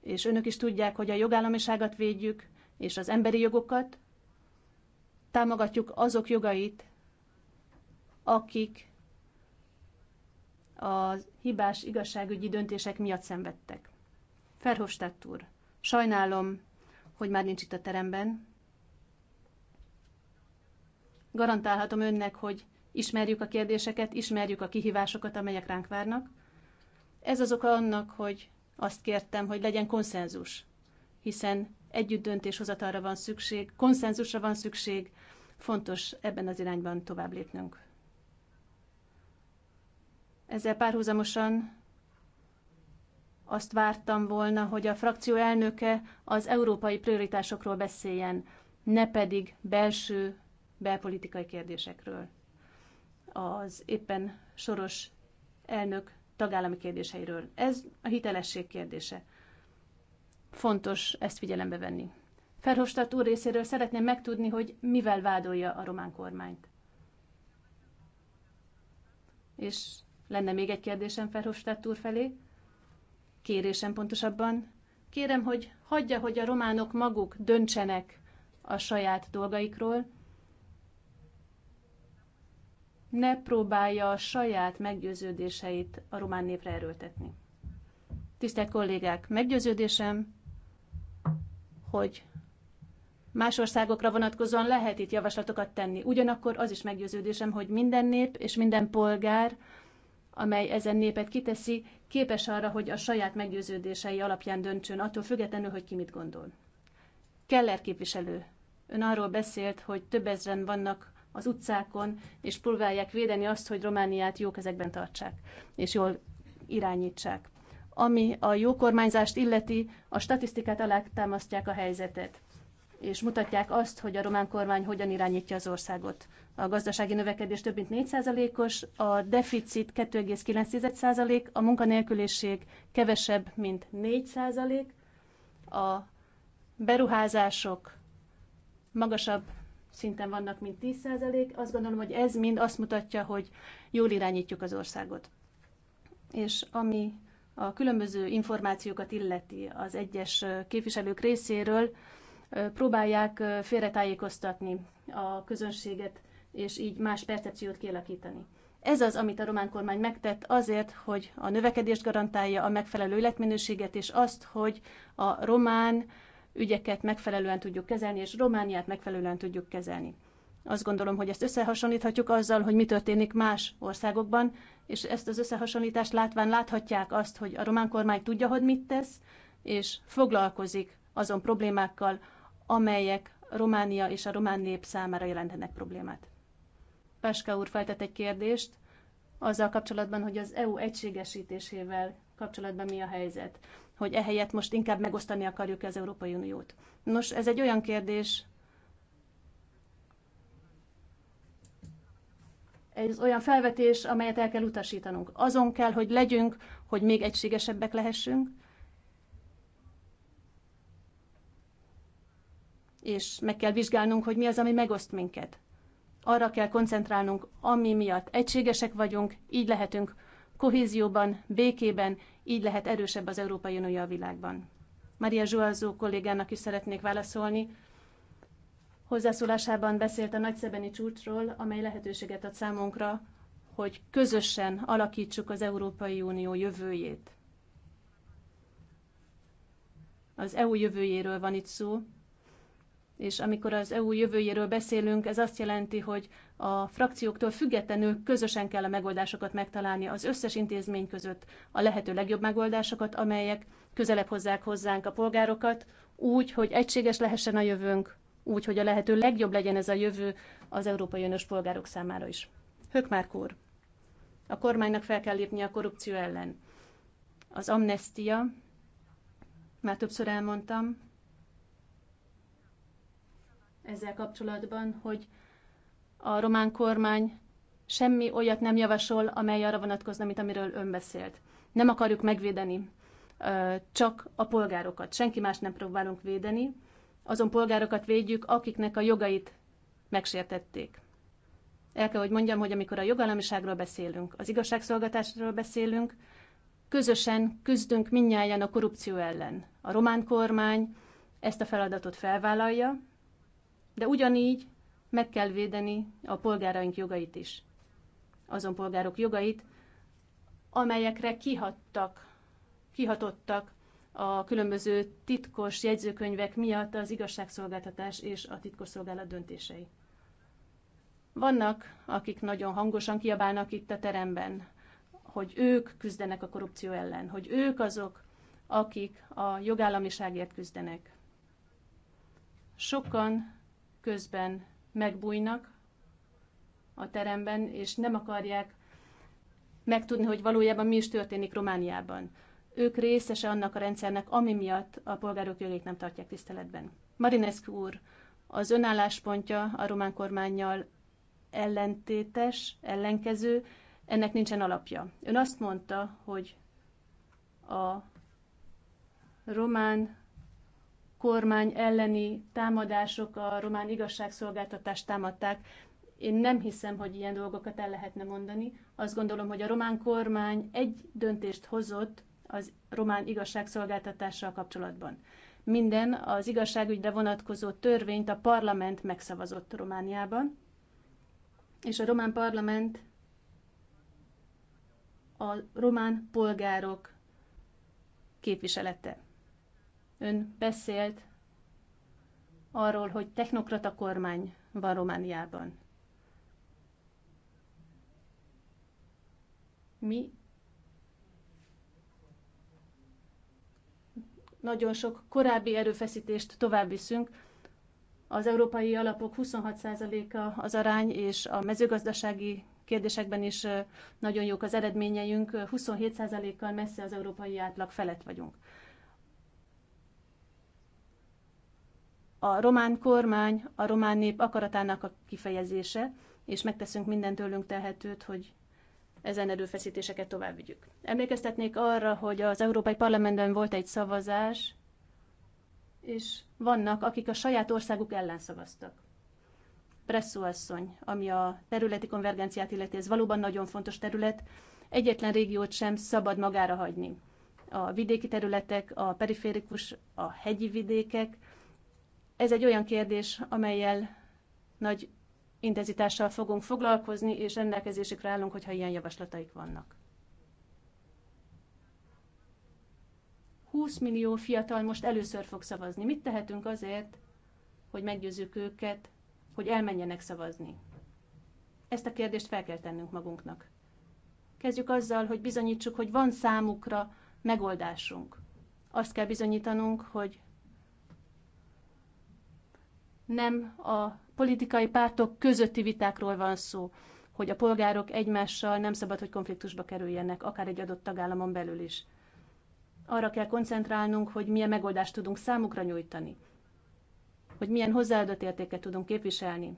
és önök is tudják, hogy a jogállamiságot védjük, és az emberi jogokat. Támogatjuk azok jogait, akik a hibás igazságügyi döntések miatt szenvedtek. Ferhofstadt úr, sajnálom, hogy már nincs itt a teremben. Garantálhatom önnek, hogy ismerjük a kérdéseket, ismerjük a kihívásokat, amelyek ránk várnak. Ez az oka annak, hogy azt kértem, hogy legyen konszenzus, hiszen együtt döntéshozatalra van szükség, konszenzusra van szükség, fontos ebben az irányban tovább lépnünk. Ezzel párhuzamosan azt vártam volna, hogy a frakció elnöke az európai prioritásokról beszéljen, ne pedig belső belpolitikai kérdésekről. Az éppen soros elnök tagállami kérdéseiről. Ez a hitelesség kérdése. Fontos ezt figyelembe venni. Ferhostat úr részéről szeretném megtudni, hogy mivel vádolja a román kormányt. És lenne még egy kérdésem Ferhostat úr felé kérésem pontosabban, kérem, hogy hagyja, hogy a románok maguk döntsenek a saját dolgaikról, ne próbálja a saját meggyőződéseit a román népre erőltetni. Tisztelt kollégák, meggyőződésem, hogy más országokra vonatkozóan lehet itt javaslatokat tenni. Ugyanakkor az is meggyőződésem, hogy minden nép és minden polgár, amely ezen népet kiteszi, képes arra, hogy a saját meggyőződései alapján döntsön, attól függetlenül, hogy ki mit gondol. Keller képviselő, ön arról beszélt, hogy több ezren vannak az utcákon, és próbálják védeni azt, hogy Romániát jó kezekben tartsák, és jól irányítsák. Ami a jó kormányzást illeti, a statisztikát alátámasztják a helyzetet és mutatják azt, hogy a román kormány hogyan irányítja az országot. A gazdasági növekedés több mint 4%-os, a deficit 2,9%, a munkanélküliség kevesebb, mint 4%, a beruházások magasabb szinten vannak, mint 10%. Azt gondolom, hogy ez mind azt mutatja, hogy jól irányítjuk az országot. És ami a különböző információkat illeti az egyes képviselők részéről, próbálják félretájékoztatni a közönséget, és így más percepciót kialakítani. Ez az, amit a román kormány megtett azért, hogy a növekedést garantálja, a megfelelő életminőséget, és azt, hogy a román ügyeket megfelelően tudjuk kezelni, és Romániát megfelelően tudjuk kezelni. Azt gondolom, hogy ezt összehasonlíthatjuk azzal, hogy mi történik más országokban, és ezt az összehasonlítást látván láthatják azt, hogy a román kormány tudja, hogy mit tesz, és foglalkozik azon problémákkal, amelyek Románia és a román nép számára jelentenek problémát. Peska úr feltett egy kérdést azzal kapcsolatban, hogy az EU egységesítésével kapcsolatban mi a helyzet, hogy ehelyett most inkább megosztani akarjuk az Európai Uniót. Nos, ez egy olyan kérdés, ez olyan felvetés, amelyet el kell utasítanunk. Azon kell, hogy legyünk, hogy még egységesebbek lehessünk, és meg kell vizsgálnunk, hogy mi az, ami megoszt minket. Arra kell koncentrálnunk, ami miatt egységesek vagyunk, így lehetünk kohézióban, békében, így lehet erősebb az Európai Unió a világban. Maria Zsuazó kollégának is szeretnék válaszolni. Hozzászólásában beszélt a nagyszebeni csúcsról, amely lehetőséget ad számunkra, hogy közösen alakítsuk az Európai Unió jövőjét. Az EU jövőjéről van itt szó, és amikor az EU jövőjéről beszélünk, ez azt jelenti, hogy a frakcióktól függetlenül közösen kell a megoldásokat megtalálni az összes intézmény között, a lehető legjobb megoldásokat, amelyek közelebb hozzák hozzánk a polgárokat, úgy, hogy egységes lehessen a jövőnk, úgy, hogy a lehető legjobb legyen ez a jövő az Európai Önös polgárok számára is. már kór. a kormánynak fel kell lépni a korrupció ellen. Az amnestia, már többször elmondtam, ezzel kapcsolatban, hogy a román kormány semmi olyat nem javasol, amely arra vonatkozna, mint amiről ön beszélt. Nem akarjuk megvédeni csak a polgárokat. Senki más nem próbálunk védeni. Azon polgárokat védjük, akiknek a jogait megsértették. El kell, hogy mondjam, hogy amikor a jogállamiságról beszélünk, az igazságszolgatásról beszélünk, közösen küzdünk minnyáján a korrupció ellen. A román kormány ezt a feladatot felvállalja, de ugyanígy meg kell védeni a polgáraink jogait is. Azon polgárok jogait, amelyekre kihattak, kihatottak a különböző titkos jegyzőkönyvek miatt az igazságszolgáltatás és a titkosszolgálat döntései. Vannak, akik nagyon hangosan kiabálnak itt a teremben, hogy ők küzdenek a korrupció ellen, hogy ők azok, akik a jogállamiságért küzdenek. Sokan közben megbújnak a teremben, és nem akarják megtudni, hogy valójában mi is történik Romániában. Ők részese annak a rendszernek, ami miatt a polgárok jogét nem tartják tiszteletben. Marinescu úr, az önálláspontja a román kormányjal ellentétes, ellenkező, ennek nincsen alapja. Ön azt mondta, hogy a román kormány elleni támadások, a román igazságszolgáltatást támadták. Én nem hiszem, hogy ilyen dolgokat el lehetne mondani. Azt gondolom, hogy a román kormány egy döntést hozott az román igazságszolgáltatással kapcsolatban. Minden az igazságügyre vonatkozó törvényt a parlament megszavazott Romániában, és a román parlament a román polgárok képviselete. Ön beszélt arról, hogy technokrata kormány van Romániában. Mi nagyon sok korábbi erőfeszítést tovább viszünk. Az európai alapok 26%-a az arány, és a mezőgazdasági kérdésekben is nagyon jók az eredményeink, 27%-kal messze az európai átlag felett vagyunk. a román kormány, a román nép akaratának a kifejezése, és megteszünk minden tőlünk tehetőt, hogy ezen erőfeszítéseket tovább vigyük. Emlékeztetnék arra, hogy az Európai Parlamentben volt egy szavazás, és vannak, akik a saját országuk ellen szavaztak. Presszó asszony, ami a területi konvergenciát illeti, ez valóban nagyon fontos terület, egyetlen régiót sem szabad magára hagyni. A vidéki területek, a periférikus, a hegyi vidékek, ez egy olyan kérdés, amelyel nagy intenzitással fogunk foglalkozni, és rendelkezésükre állunk, hogyha ilyen javaslataik vannak. 20 millió fiatal most először fog szavazni. Mit tehetünk azért, hogy meggyőzzük őket, hogy elmenjenek szavazni? Ezt a kérdést fel kell tennünk magunknak. Kezdjük azzal, hogy bizonyítsuk, hogy van számukra megoldásunk. Azt kell bizonyítanunk, hogy nem a politikai pártok közötti vitákról van szó, hogy a polgárok egymással nem szabad, hogy konfliktusba kerüljenek, akár egy adott tagállamon belül is. Arra kell koncentrálnunk, hogy milyen megoldást tudunk számukra nyújtani, hogy milyen hozzáadott értéket tudunk képviselni.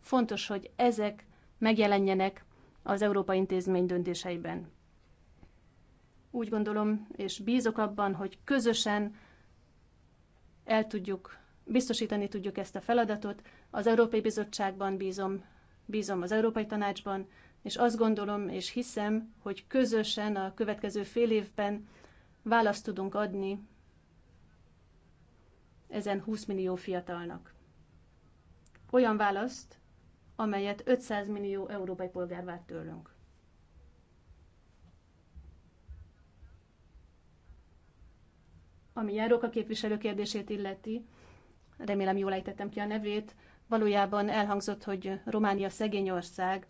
Fontos, hogy ezek megjelenjenek az Európai Intézmény döntéseiben. Úgy gondolom, és bízok abban, hogy közösen el tudjuk Biztosítani tudjuk ezt a feladatot. Az Európai Bizottságban bízom, bízom az Európai Tanácsban, és azt gondolom és hiszem, hogy közösen a következő fél évben választ tudunk adni ezen 20 millió fiatalnak. Olyan választ, amelyet 500 millió európai polgár várt tőlünk. Ami járók a képviselő kérdését illeti, remélem jól ejtettem ki a nevét, valójában elhangzott, hogy Románia szegény ország,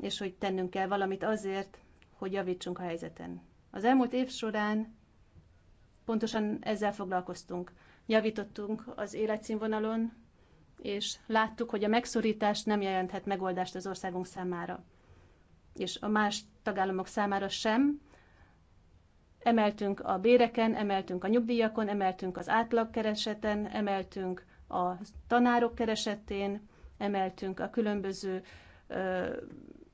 és hogy tennünk kell valamit azért, hogy javítsunk a helyzeten. Az elmúlt év során pontosan ezzel foglalkoztunk. Javítottunk az életszínvonalon, és láttuk, hogy a megszorítás nem jelenthet megoldást az országunk számára, és a más tagállamok számára sem, Emeltünk a béreken, emeltünk a nyugdíjakon, emeltünk az átlagkereseten, emeltünk a tanárok keresetén, emeltünk a különböző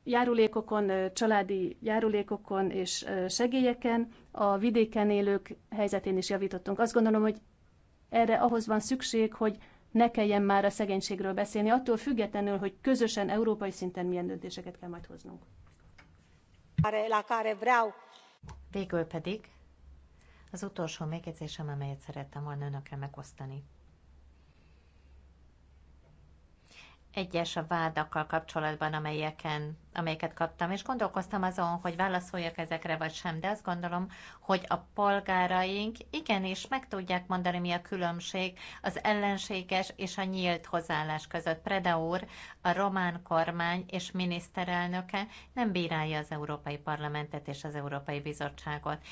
járulékokon, családi járulékokon és segélyeken, a vidéken élők helyzetén is javítottunk. Azt gondolom, hogy erre ahhoz van szükség, hogy ne kelljen már a szegénységről beszélni, attól függetlenül, hogy közösen európai szinten milyen döntéseket kell majd hoznunk. Végül pedig az utolsó megjegyzésem, amelyet szerettem volna önökkel megosztani. egyes a vádakkal kapcsolatban, amelyeken, amelyeket kaptam, és gondolkoztam azon, hogy válaszoljak ezekre vagy sem, de azt gondolom, hogy a polgáraink igenis meg tudják mondani, mi a különbség az ellenséges és a nyílt hozzáállás között. Preda úr, a román kormány és miniszterelnöke nem bírálja az Európai Parlamentet és az Európai Bizottságot.